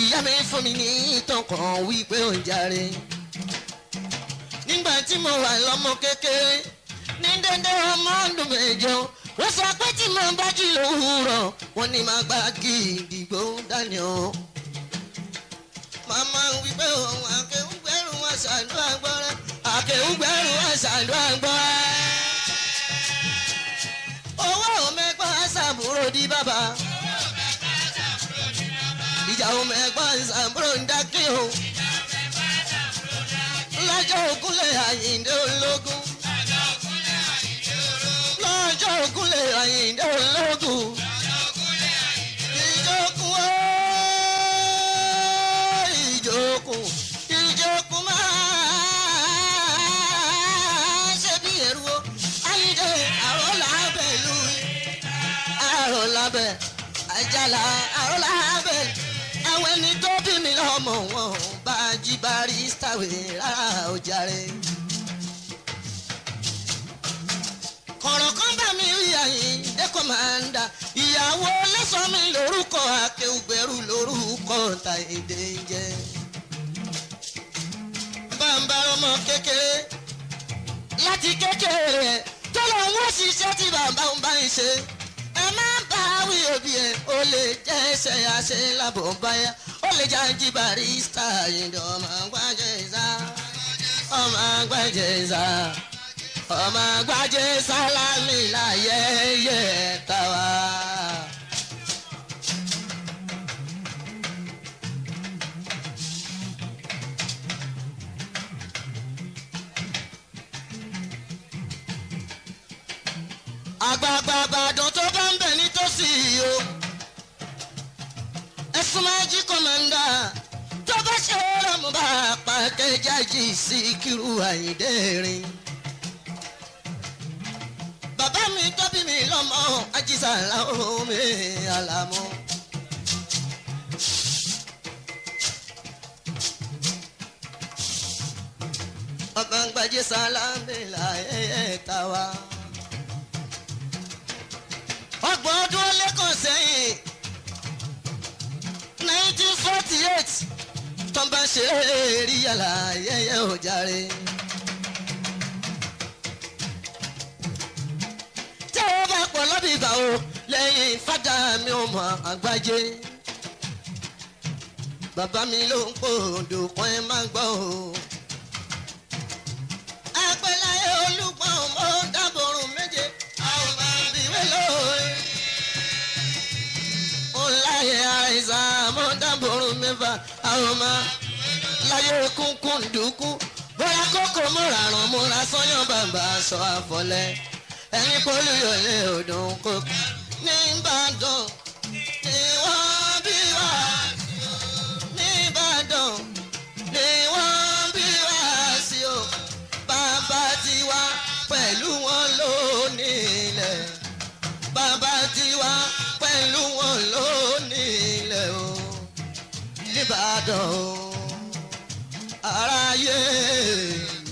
ìyá mi fún mi ní ìtàn kan wípé ó ń jàre nígbà tí mo wà lọ́mọ kékeré ní dédé ọmọ ọdún mẹ́jọ wọ́n sọ pé tí mo bá jí lówùúrọ̀ wọ́n ní máa gba gìdìgbò dání o. màmá ń òun àkẹ́wùgbẹ́rù wọn ṣàdúrà gbọ́rẹ́ àkẹ́wùgbẹ́rù wọn ṣàdúrà gbọ́rẹ́. owó òmẹ́gbọ́n àṣàbúrò di bàbá. ìjà òmẹ́gbọ́n àṣàbúrò ń dákẹ́ o lọ́jọ́ ògúnlẹ̀ àyíǹde ológun. lọ́jọ́ ògúnlẹ̀ àyíǹde ológun. ìjókòó ìjókòó ìjókòó máa ṣe bí èrúwo. àyíǹde àrò lábẹ́ ìlú àrò lábẹ́ àjàlá. kàwé rárá o jàre. kọ̀rọ̀ kan bá mi rí àyìn ẹ̀kọ́ máa ń dà ìyàwó lẹ́sàn-án mi lórúkọ akéwùgbẹ́rù lórúkọ ta èdè bàbá ọmọ kékeré láti kékeré rẹ̀ tó lọ wọ́n ṣiṣẹ́ tí bàbá ń bá ń ṣe ẹ má bá wí òbí ẹ̀ o lè jẹ́ ẹsẹ̀ àṣẹ làbọ̀ báyà. Ole jàǹjì barista yìí magwajeza, O magwajeza, O magwajeza, la lámìláyé ye ye tawa. àgbàdàn tó bá ń bẹ̀ nítòsí o súnmọ́jú kọ́mọ́ndà tó bá ṣe rán mo bá pa kẹjáàjì sí kírú àyíndé rin. bàbá mi tó bí mi lọ́mọ ajísàlá omi àlàmú. ọ̀gbọ̀ngbàjì sálámì láyé tàwa. ọgbọ̀n ọdún lẹ́kọ̀ọ́ sẹ́yìn nineteen forty eight tó ń bá ń ṣe eré yàrá yẹ́yẹ́ ò tẹ́ ẹ bá pọ̀ lọ́bìbà o lẹ́yìn fada mi ò mọ̀ àgbájé. bàbá mi ló ń pò dùnkún ẹ má gbọ́ o. apẹ̀láyé olùgbọ̀n mo dábòrùn méje àwọn bàbá mi wé lóore láyé àìsàn àmọ́dàbòrò mẹ́fà àròmà láyé kúnkún dùkú bóyá kókò múra ràn múra sọ́yàn bàbá sọ àfọlẹ́ ẹni kólú yòlé ọdún kókò ní ìbàdàn ni wọ́n. nìbàdàn aráyé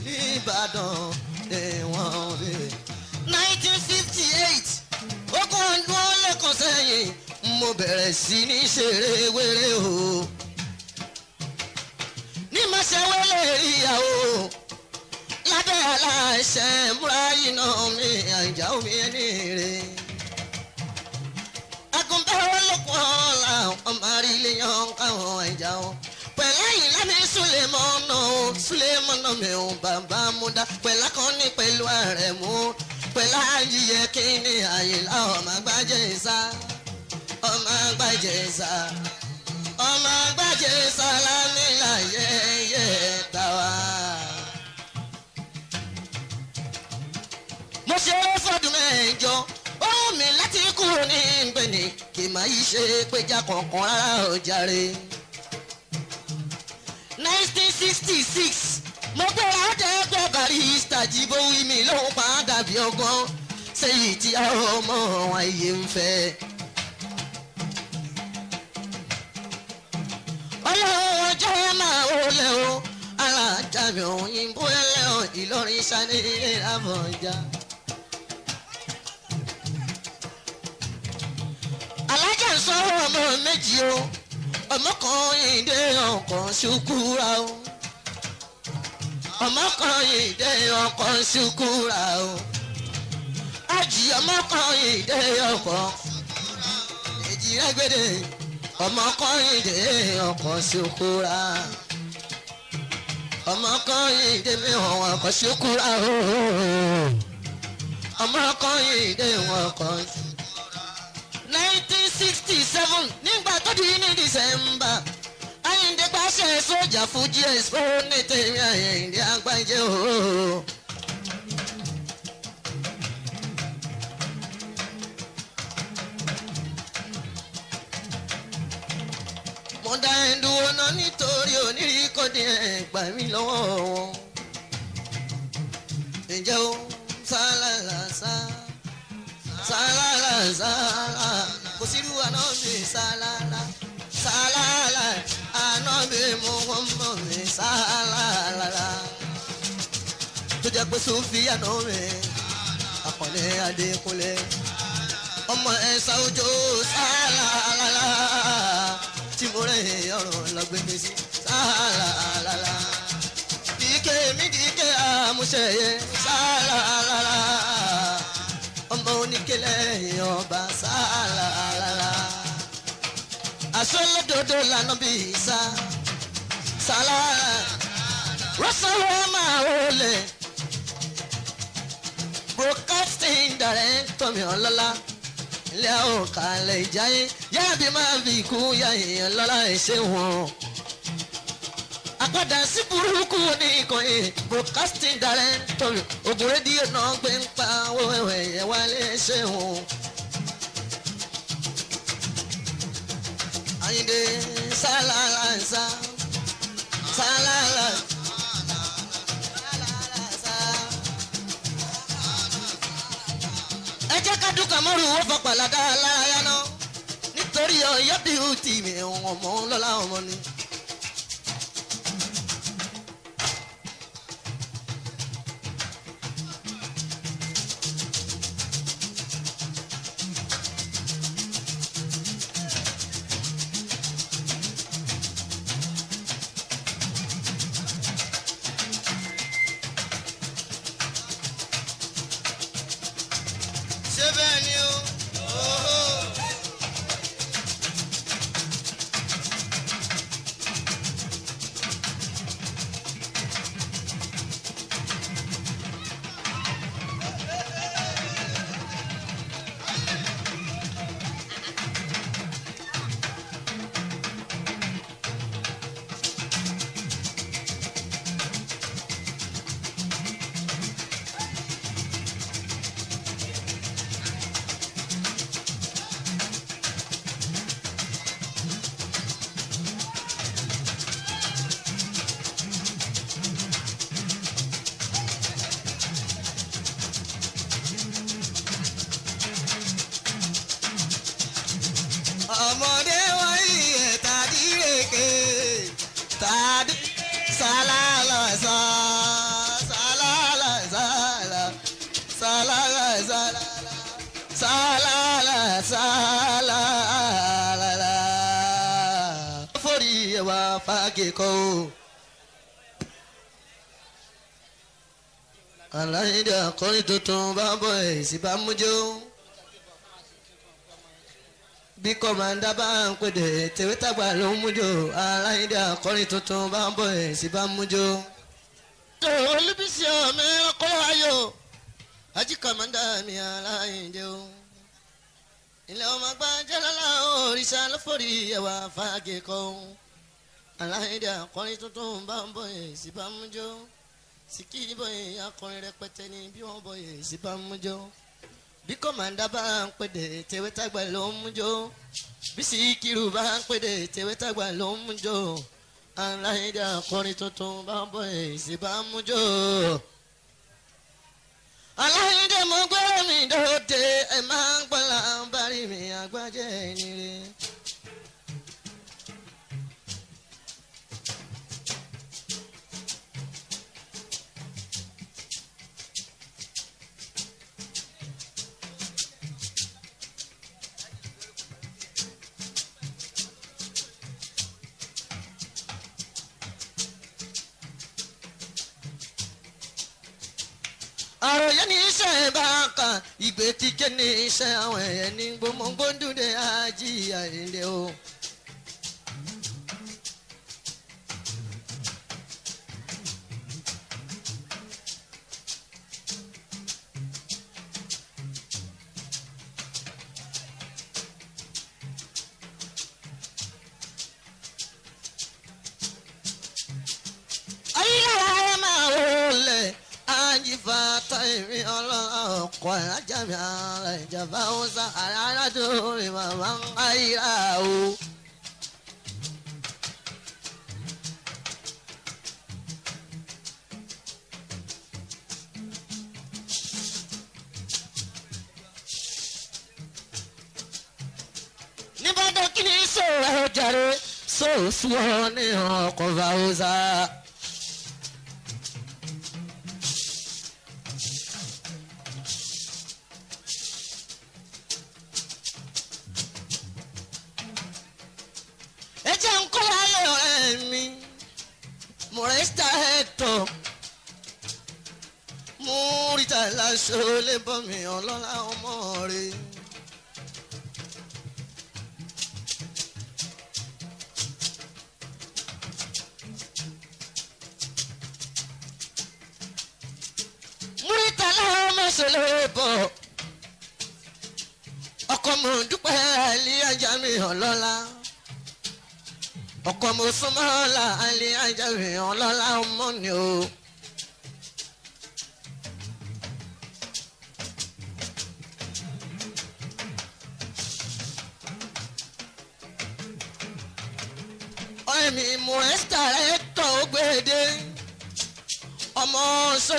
nìbàdàn ìwọ̀n rè. nineteen fifty eight ogún ọdún ó sẹ́yìn mo bẹ̀rẹ̀ sí ní ṣeré wéré o ní má ṣe wẹ́lẹ̀ ìyàwó lábẹ́ aláṣẹ múra yìí náà mi àjà omi ẹni rè lọ́pọ̀ làwọn máa rí ilé yan káwọn ẹja o pẹ̀lá yìí lábẹ́ Sulemọ́nà o Sulemọ́nà mi ò bàbá mu dá pẹ̀lá kan ní pẹ̀lú ààrẹ mu pẹ̀lá yíyẹ o ni àyìnlá ọmọ àgbájẹ́ ìsá ọmọ àgbájẹ́ ìsá ọmọ àgbájẹ́ ìsá lámìlá yẹ́yẹ́ mo ṣe é fọdún mẹ́jọ mi láti kúrò ní bẹ̀nẹ̀ kì má yí ṣe péjà kankan rárá o jàre. nineteen sixty six mo gbéra ó jẹ́ gbọ́ gàrí ìsítàjì bówí mi ló ń pa á dàbí ọgbọ́n sẹ́yìn tí ọmọ wọn yé ń fẹ́. ọlọ́wọ́ ọjọ́ máa ó lẹ́ o ara àjàmì òyìnbó ẹlẹ́ọ̀ Ìlọrin sanni ilé àbọ̀njá. alájà ń sọ̀rọ̀ ọmọ méjì o ọmọ kan ìdè ọkàn ṣukúra o ọmọ kan ọkàn ṣukúra o àjì ọmọ kan ọkàn èjì rẹ́gbẹ̀dẹ̀ ọmọ kan ọkàn ṣukúra ọmọ kan ọkàn ṣukúra o ọmọ kan ọkàn ṣukúra sixty seven nígbà tó di ní december ayíǹde pàṣẹ sójà fújì ẹ̀sọ́ ní tèmi ayíǹde àgbájẹ́ o. mo dá ẹ dúró náà nítorí onírí kò ní ẹgbà mi lọ́wọ́ wọn. ǹjẹ́ o sálàlà sá sálàlà sálàlà kò sírú ànábì sálálá sálálá ànábì Muhammad sálálá tó jẹ́ pé sùfì ànábì Àkànní Adékúnlé ọmọ ẹ̀sà òjò sálálá tí mo rẹ̀ ọ̀rọ̀ lọ́gbẹ́ni sí sálálá dike mi dike amuseye sálálá ọmọ oníkẹlẹ ọba sálálá sọlódodo dodo la ìsá sàlára rọ́sọ̀rọ̀ máa wọlé broadcasting director mi ọlọ́lá ilé àwòkálẹ̀ ìjáyé yáàbí máa fi ikú ya èèyàn lọ́lá ẹ̀ṣẹ̀ wọn. àpadà sí burúkú ní ìkànnì broadcasting director ogun rédíò náà gbé ń pa owó ẹ̀wẹ̀ yẹn wálé Àyìndé sálálàsá sálálà. ẹ jẹ́ ká dúkàá mọ́rù owó fọpàlà dáa lára yá náà nítorí ọ̀yọ́ bíi ti mi ọmọ ńlọ́lá ọmọ ni. fàájì kọ́ o. aláìdá akọrin tuntun bá bọ̀ ẹ̀ sì bá mú jó. bí kọ̀mọ̀dá bá ń pèdè tèwétàgbà ló ń mú jó aláìdá akọrin tuntun bá bọ̀ ẹ̀ sì bá mú jó. olùbísí ọmọ ẹranko ayò ají kọ̀mọ̀dá mi aláìdá o. ilé ọmọ gbajẹ́ lọ́la òrìṣà ló forí ẹwà kọ́ o aláìdá akọrin tuntun bá ń bọyè sí bá mú jó síkì bọyè akọrin rẹpẹtẹ ni bí wọn bọyè sí bá mú jó bí kọ̀mọ̀ndà bá ń pèdè tewétàgbà ló ń mú jó bí síkìrù bá ń pèdè tewétàgbà ló ń mú jó aláìdá akọrin tuntun bá ń bọyè sí mú jó aláìdá mọ gbọ́rọ̀ mi dòde ẹ̀ máa ń gbọ́n làǹbárí mi àgbájẹ́ ẹni yẹn ní iṣẹ́ bá kan ìgbé tí kéde iṣẹ́ àwọn ẹ̀yẹ ní gbọmọgbọ́ndúndé ajíyà ilé o. kwara jami'a la jaba usa arara duri mama aira o. níbàdàn kí ni sọ̀rọ̀ ẹ̀rọ jàre sọ̀rọ̀ sí ọ ní ọkọ̀ aṣọ lè bọ́ mi ọlọ́lá ọmọ rẹ. múrítàlá ọmọ ṣẹlẹ̀ bọ̀ ọkọ mo dúpẹ́ àlẹ́ ajá mi ọlọ́lá ọkọ mo súnmọ́ ọ̀la àlẹ́ ajá mi ọlọ́lá ọmọ ni o.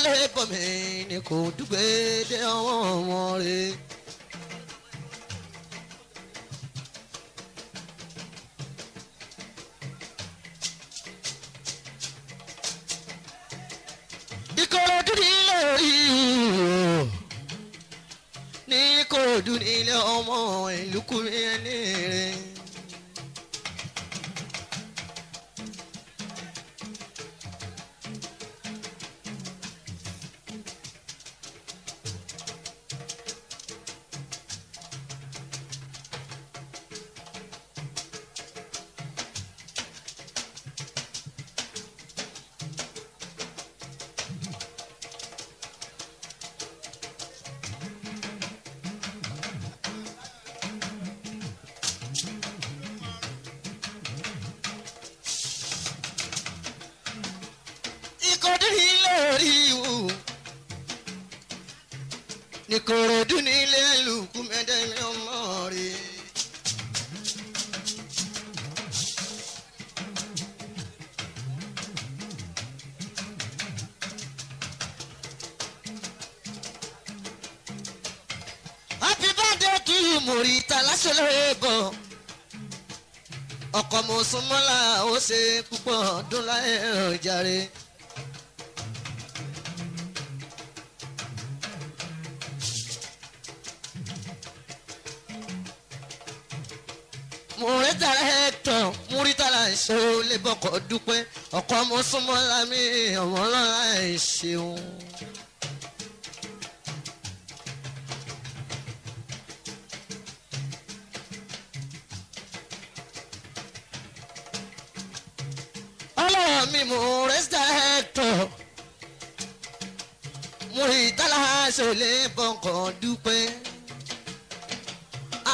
ẹlẹ́gbọ̀n mi ni kò dúpẹ́ dé ọwọ́ wọn rèé. nìkòròdú nílé lùkú mẹ́tẹ́mi ọmọ rẹ̀. happy birthday to you murita lásìlò èèbọ̀ ọkọ̀ mọ̀ọ́sùnmọ́lá ó ṣe púpọ̀ ọdún láyé ọ̀jàre. ṣé ó lè ọkọ mo súnmọ́ lámì ọmọ ọlọ́lá ẹ̀ ṣeun. mi mò ń rẹ́sítà ẹ̀tọ́ mo rí tálá ṣe ò lè bọ́kọ̀ dúpẹ́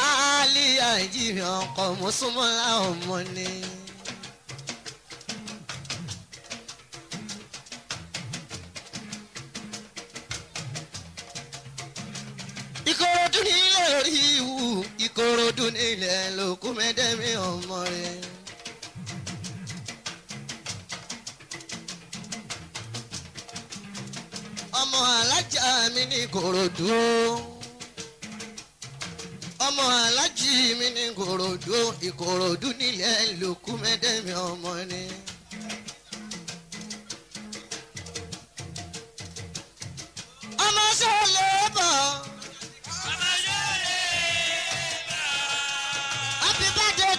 àlìyá ìjìyàn ọkọ̀ mo súnmọ́ láwọn ọmọ ni. kúmẹ́dẹ́mí ọmọ rẹ̀. ọmọ alájà mi ní Ìkòròdú ọmọ alájì mi ní Ìkòròdú Ìkòròdú nílẹ̀ lókùmẹ́dẹ́mí ọmọ ni. Korodu,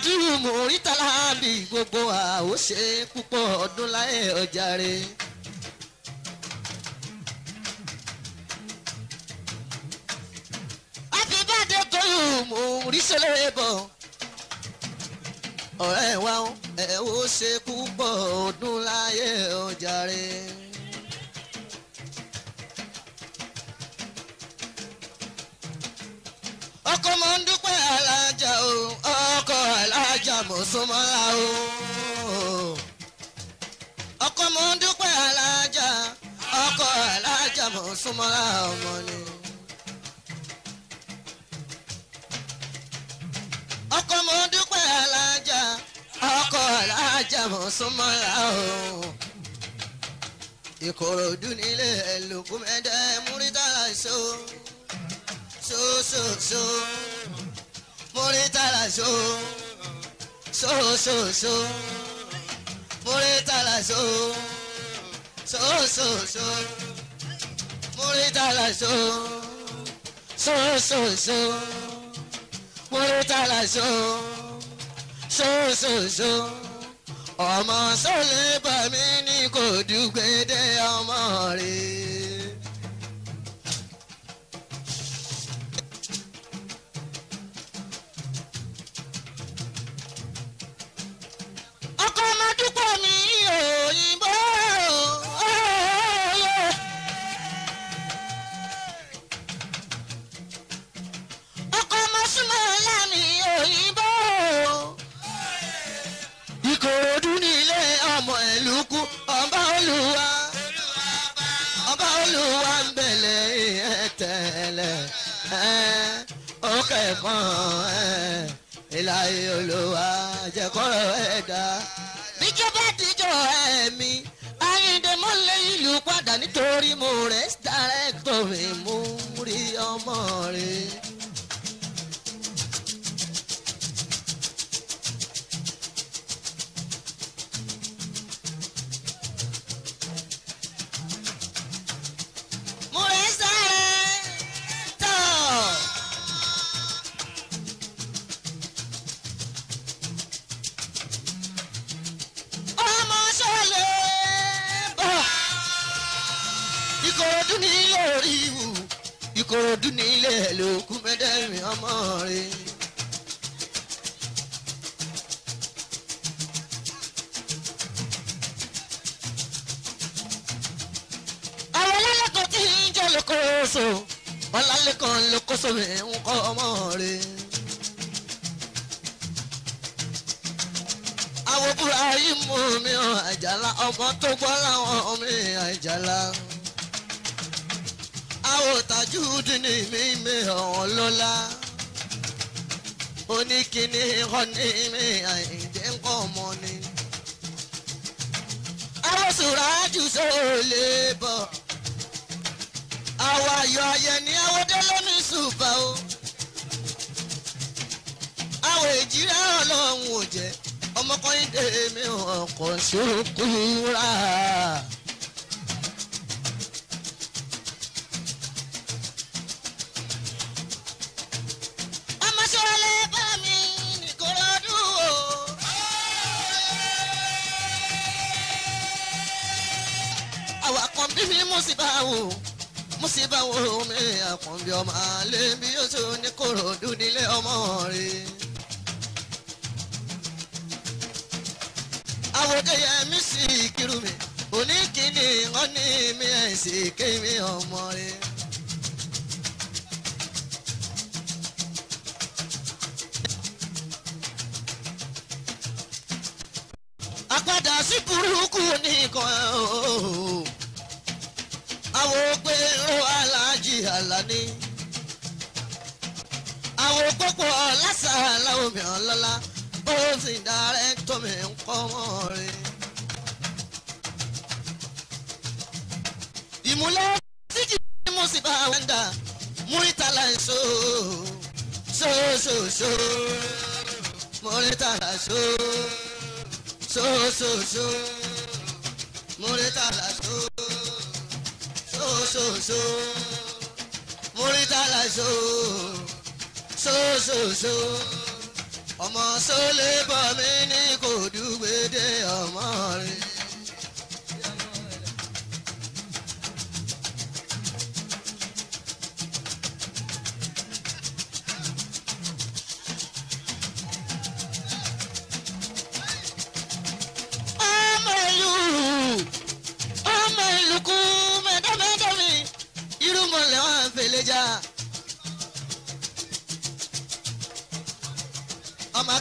Nafiu Muritala ní gbogbo àwòṣe púpọ̀ ọdún láyé ọjàre. Happy birthday to you Murisele bọ̀ ọ̀rẹ́ wa ẹ̀ ó ṣe púpọ̀ ọdún láyé ọjàre. Ọkọ mo ń alájà o ọkọ alájà mo o. ọkọ mo ń alájà ọkọ alájà mo ọmọ ni. ọkọ mo alájà ọkọ alájà mo o. ìkòròdú nílé múrítàlá ìṣó. So so so, So so so, So so so, more more so Muritala ṣo ṣoṣoṣo Muritala ṣo So Muritala ṣo ṣoṣoṣo Muritala ṣo ṣoṣoṣo ọmọ sọlẹ bàmí ni kò dùgbẹ́dẹ́ ọmọ rẹ̀. tẹ̀mí òyìnbó. ọkọ ọmọ súnmọ́ lámì òyìnbó. ìkòròdú nílé ọmọ ìlú kú ọba olúwa ọba olúwa ń bẹ̀lẹ̀ ẹ̀dá bíjọ́ bá dijọ́ ẹ̀mí ayíǹde mọ́lẹ̀ ìlú padà nítorí mo rẹ̀ direct of a mo rí ọmọ rẹ̀. ìkòròdú nílẹ̀ lókù mẹ́dẹ́rìn ọmọ rẹ̀. àwọn ọlọ́lẹ́kọ̀ọ́ tí ń jẹ́ lókòròsò mi ń kọ́ ọmọ rẹ̀. àwọn búra yìí mú mi hàn àjàlá ọmọ tó gbọ́ láwọn ọmọ mi àjàlá aláwọ̀ tajúdínì mi mi hàn lọ́la oníkíní ọ̀ní mi àìjẹ́ ńkọ́ ọmọ ni. awọ́sùnrájú sóòlè bọ̀ àwọn ayọ̀ ayẹ ní awọ́dé lónìí ṣùgbọ́n o àwọn èjìrá ọlọ́run ò jẹ́ ọmọkùnrin tèmi ọkọ̀ ṣókùnrin rà. o músíbà wo mi àkànbí ọmọ àlè bí yóò tó ní kòròdú nílé ọmọ rẹ̀. àwòdè yẹmí sí ìkírù mi oníkìní wọn ní mi ẹ̀sìn kémi ọmọ rẹ̀. àpàdà sí burúkú nìkan ooo àwo pé ó aláàjì àlàní àwo pọ̀pọ̀ lásàlá omi ọ̀lọ́lá ó sì darẹ́ tómi ń kọ́ mọ́ rẹ̀. ìmúlẹ̀ síkì ni mo sì bá wẹ́ndà mú ìtàlá ìṣó ṣóṣóṣó mo rí tàlà ṣó ṣóṣóṣó mo rí tàlà So so, ṣoṣo múrítàlá ṣo ṣoṣoṣo ọmọ sólè bọ̀ mí ní kò dúgbèdè ọmọ rẹ̀.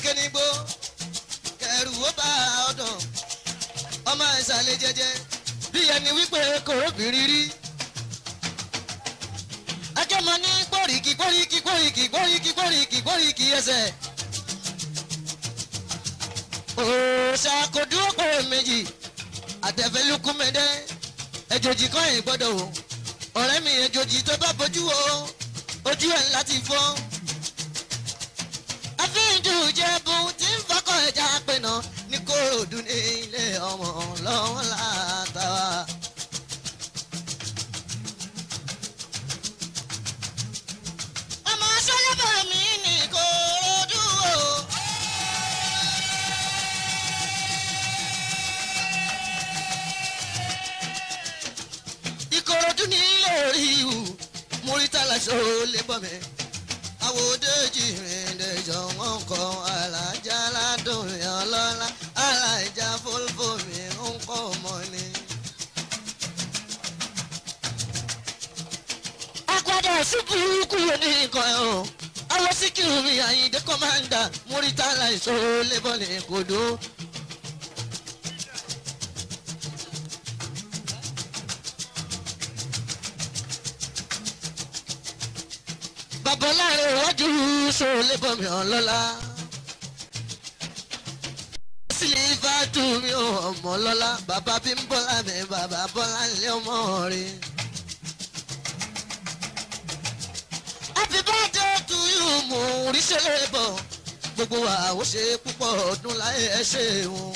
kéke nígbó kẹrù ó bá ọdọ ọmọ ìsàlẹ̀ jẹjẹ bí ẹni wípé kòróbìnrin rí akẹ́mọ ní kórìkì kórìkì kórìkì kórìkì kórìkì kórìkì ẹsẹ̀ òòṣà kò dúró kòrò méjì àtẹ̀fẹ́lúkúmẹ́dẹ́ ẹjọ́jì kan ẹ̀ gbọ́dọ̀ wò ọ̀rẹ́ mi ẹjọ́jì tó bá bójú wo ojú ẹ̀ láti fọ́. Àdìrú Jẹ̀bú tí ń fọkọ̀ ẹja pinnu ní Kòròdú ní ilé ọmọ lọ́wọ́ látàwá. Ọmọ Sọ́lẹ́bà mi ní Kòròdú o. Ìkòròdú ní ilé rí ìhù, Murtala ṣòro lè mi, àwòdè jì àjọ wọn kọ alájà ládùn yàn lọ́la alájà fúlfúmi ń kọ́ ọmọ ni. agbada sí burúkú ní nǹkan ẹ̀ o ọlọ́sí kìrìmì àyíndé kọ́mándà múrítàlá ìṣòro lébọ̀lì kòdó. ọ̀gọ́ láàrin iwájú ṣòro ọlọ́lá. sílífà tù mí ò ọmọ lọ́lá bàbá bí ń bọ́lá mi bàbá bọ́lá ilé ọmọ rẹ̀. happy birthday to you mo rí ṣe gbogbo wa ó ṣe púpọ̀ ọdún láyé ẹ ṣe wọn.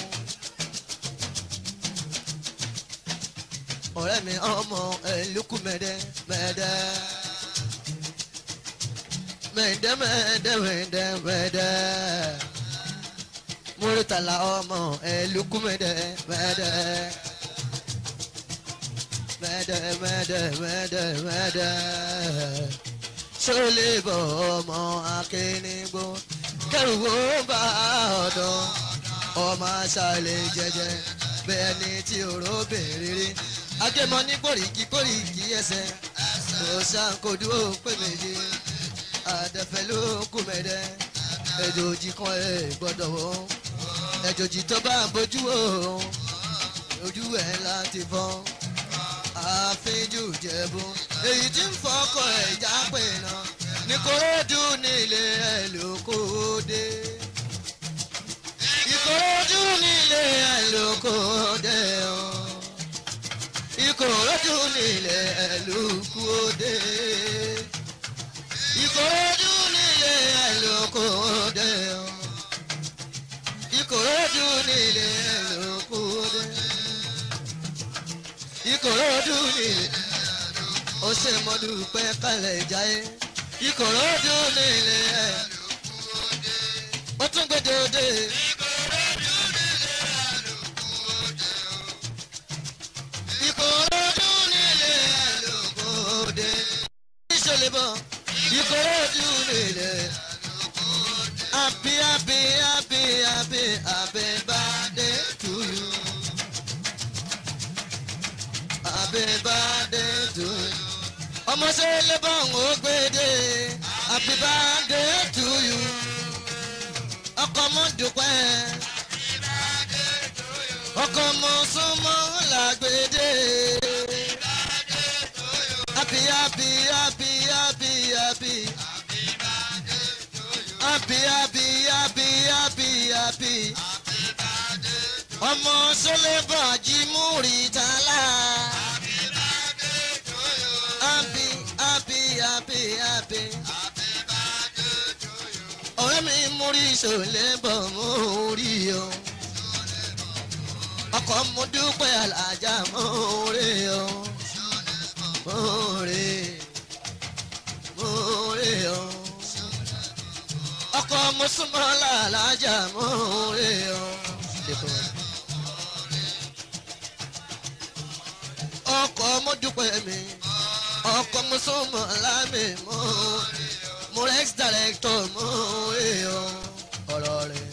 ọ̀rẹ́ mi ọmọ ẹ̀lúkú mẹ́rẹ́ mẹ́rẹ́ mẹ̀ǹdẹ́ mẹ̀ǹdẹ́ mẹ̀ǹdẹ́ mẹ̀ǹdẹ́ Muritala ọmọ ẹ̀lùkù mẹ̀ǹdẹ́ mẹ̀ǹdẹ́ mẹ̀ǹdẹ́ mẹ̀ǹdẹ́ mẹ̀ǹdẹ́ mẹ̀ǹdẹ́ sólébọ̀ ọmọ akínigbó kẹrù wo bá ọ̀dọ́ ọmọ aṣáálẹ̀ jẹjẹ bẹ́ẹ̀ ni tí òró bèrè rí agẹmọ ní kórìkì kórìkì ẹsẹ̀ kò sáà kò dúró pé méjì àdẹ̀fẹ̀lú kùmẹ̀dẹ́ èdè òjì kan ẹ̀ gbọ́dọ̀ wò ẹ̀jọ̀ òjì tó bá bójú wò ojú ẹ̀ láti bọ́ àfíjù jẹ̀bú èyí tí ń fọkọ̀ ẹ̀ jápè náà ní kòròdú nílé ẹ̀ lóko dé ìkòròdú nílé ẹ̀ lóko dé o ìkòròdú nílé ẹ̀ lóko dé. Ìkòròdú nílé àlòkò dé o. Ìkòròdú nílé àlòkò dé. Ìkòròdú nílé ó ṣe mo dúpẹ́ kálẹ̀ jáyé. Ìkòròdú nílé àlòkò dé. Ó tún gbèdé òde. Ìkòròdú nílé àlòkò dé o. Ìkòròdú nílé àlòkò dé. Ìṣèlè bọ̀. Ìkòròdú nílẹ̀. Happy happy happy happy happy birthday to you. Happy birthday to you. Ọmọ ṣe lébọ̀n ó gbédè. Happy birthday to you. Ọkọ mọ dúpẹ́. Ọkọ mọ súnmọ́ làgbédè happy, happy, happy, happy, happy. Happy, happy, happy, happy, happy. Ọmọ Sọlẹ̀ Bọ̀jì Múri Tálá. Happy, happy, happy, happy. Ọ̀rẹ́ mi Múri Sọlẹ̀ Bọ̀ Múri o. Ọkọ̀ mo dúpẹ́ alájà Múri o mòrè mòrè o. Oh. ọkọ mo súnmọ́ làlájà mòrè o. Oh. ọkọ mo dúpẹ́ mi ọkọ mo súnmọ́ lámì mòrè mo rex director mòrè o. Oh. ọ̀rọ̀ rẹ̀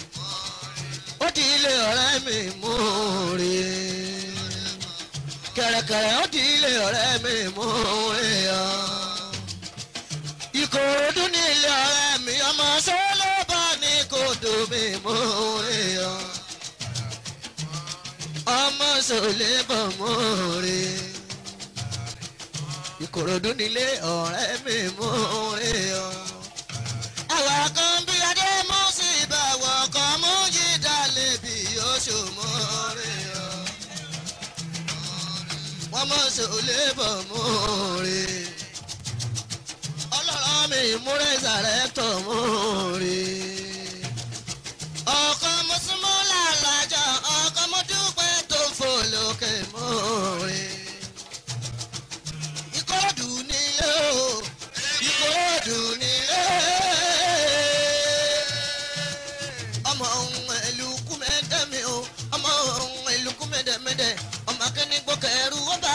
ó di ilé ọ̀rẹ́ mi mòrè kẹ̀rẹ̀kẹ̀rẹ̀ ó di ilé ọ̀rẹ́ mi mú èèyàn. ìkòròdú ní ilé ọ̀rẹ́ mi ọmọ sọ́lọ́ bá ní kòdó mi mú èèyàn. ọmọ sọ̀lẹ́ bọ̀ mú rí. ìkòròdú ní ilé ọ̀rẹ́ mi mú èèyàn. mọ́sẹ̀ ò lè bọ̀ mú rí ọlọ́run mi múrẹ́ ìsàrẹ́ tọ̀ mú rí. ọkọ mọ́sùmọ́ làlájọ ọkọ mọ́dúpẹ́ tó ń fò lókè mú rí. ìkòròdú nílé o ìkòròdú nílé ọmọ ohun ẹlú kúmẹ́dẹ́mi o ọmọ ohun ẹlú kúmẹ́dẹ́mẹ́dẹ́ ọmọ akẹ́nigbọ́kẹ́rù ọba.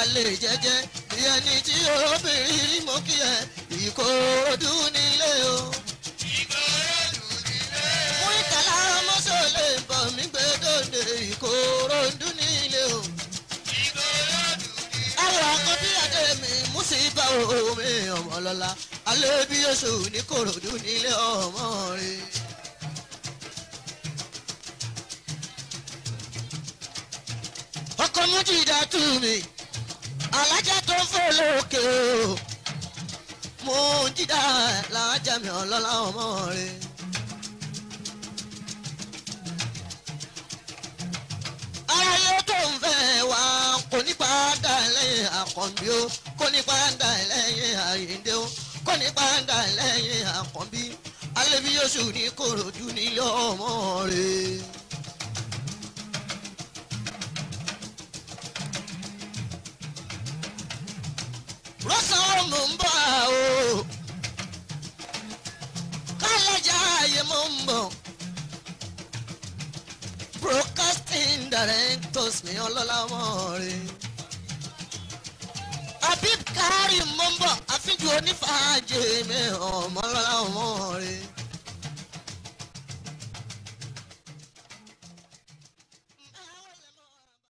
alè jẹjẹ ìyẹn ní tí obìnrin rí mo kí ẹ ìkòròdú nílé o. ìkòròdú nílé. mú ìkàlà ọmọṣọ lè bọ̀ mí gbé dòde ìkòròdú nílé o. ìkòròdú nílé. ẹ̀rọ kan bí adé mi mú sí bá omi ọmọ lọ́la alẹ́ bí oṣù ní kòròdú nílé ọmọ rẹ̀. ọkọ̀ méjì dá tù mí alájà tó fò lókè o mo ń jíjà làájà mi ọlọ́lá ọmọ rẹ. aráyé tó ń fẹ́ wá kò ní padà lẹ́yìn àkànbí o kò ní padà lẹ́yìn àyíǹde o kò ní padà lẹ́yìn àkànbí alẹ́ bí yóò ṣù ní kòròdú nílé ọmọ rẹ. kọ́sàn-án mò ń bọ̀ o kọ́lọ́jà ayé mò ń bọ̀ broadcasting directors ní ọlọ́lá mọ́ọ̀rẹ́ Habib Karim mò ń bọ̀ àfijù onífàájì mi ọmọlọ́lá mọ́ọ̀rẹ́.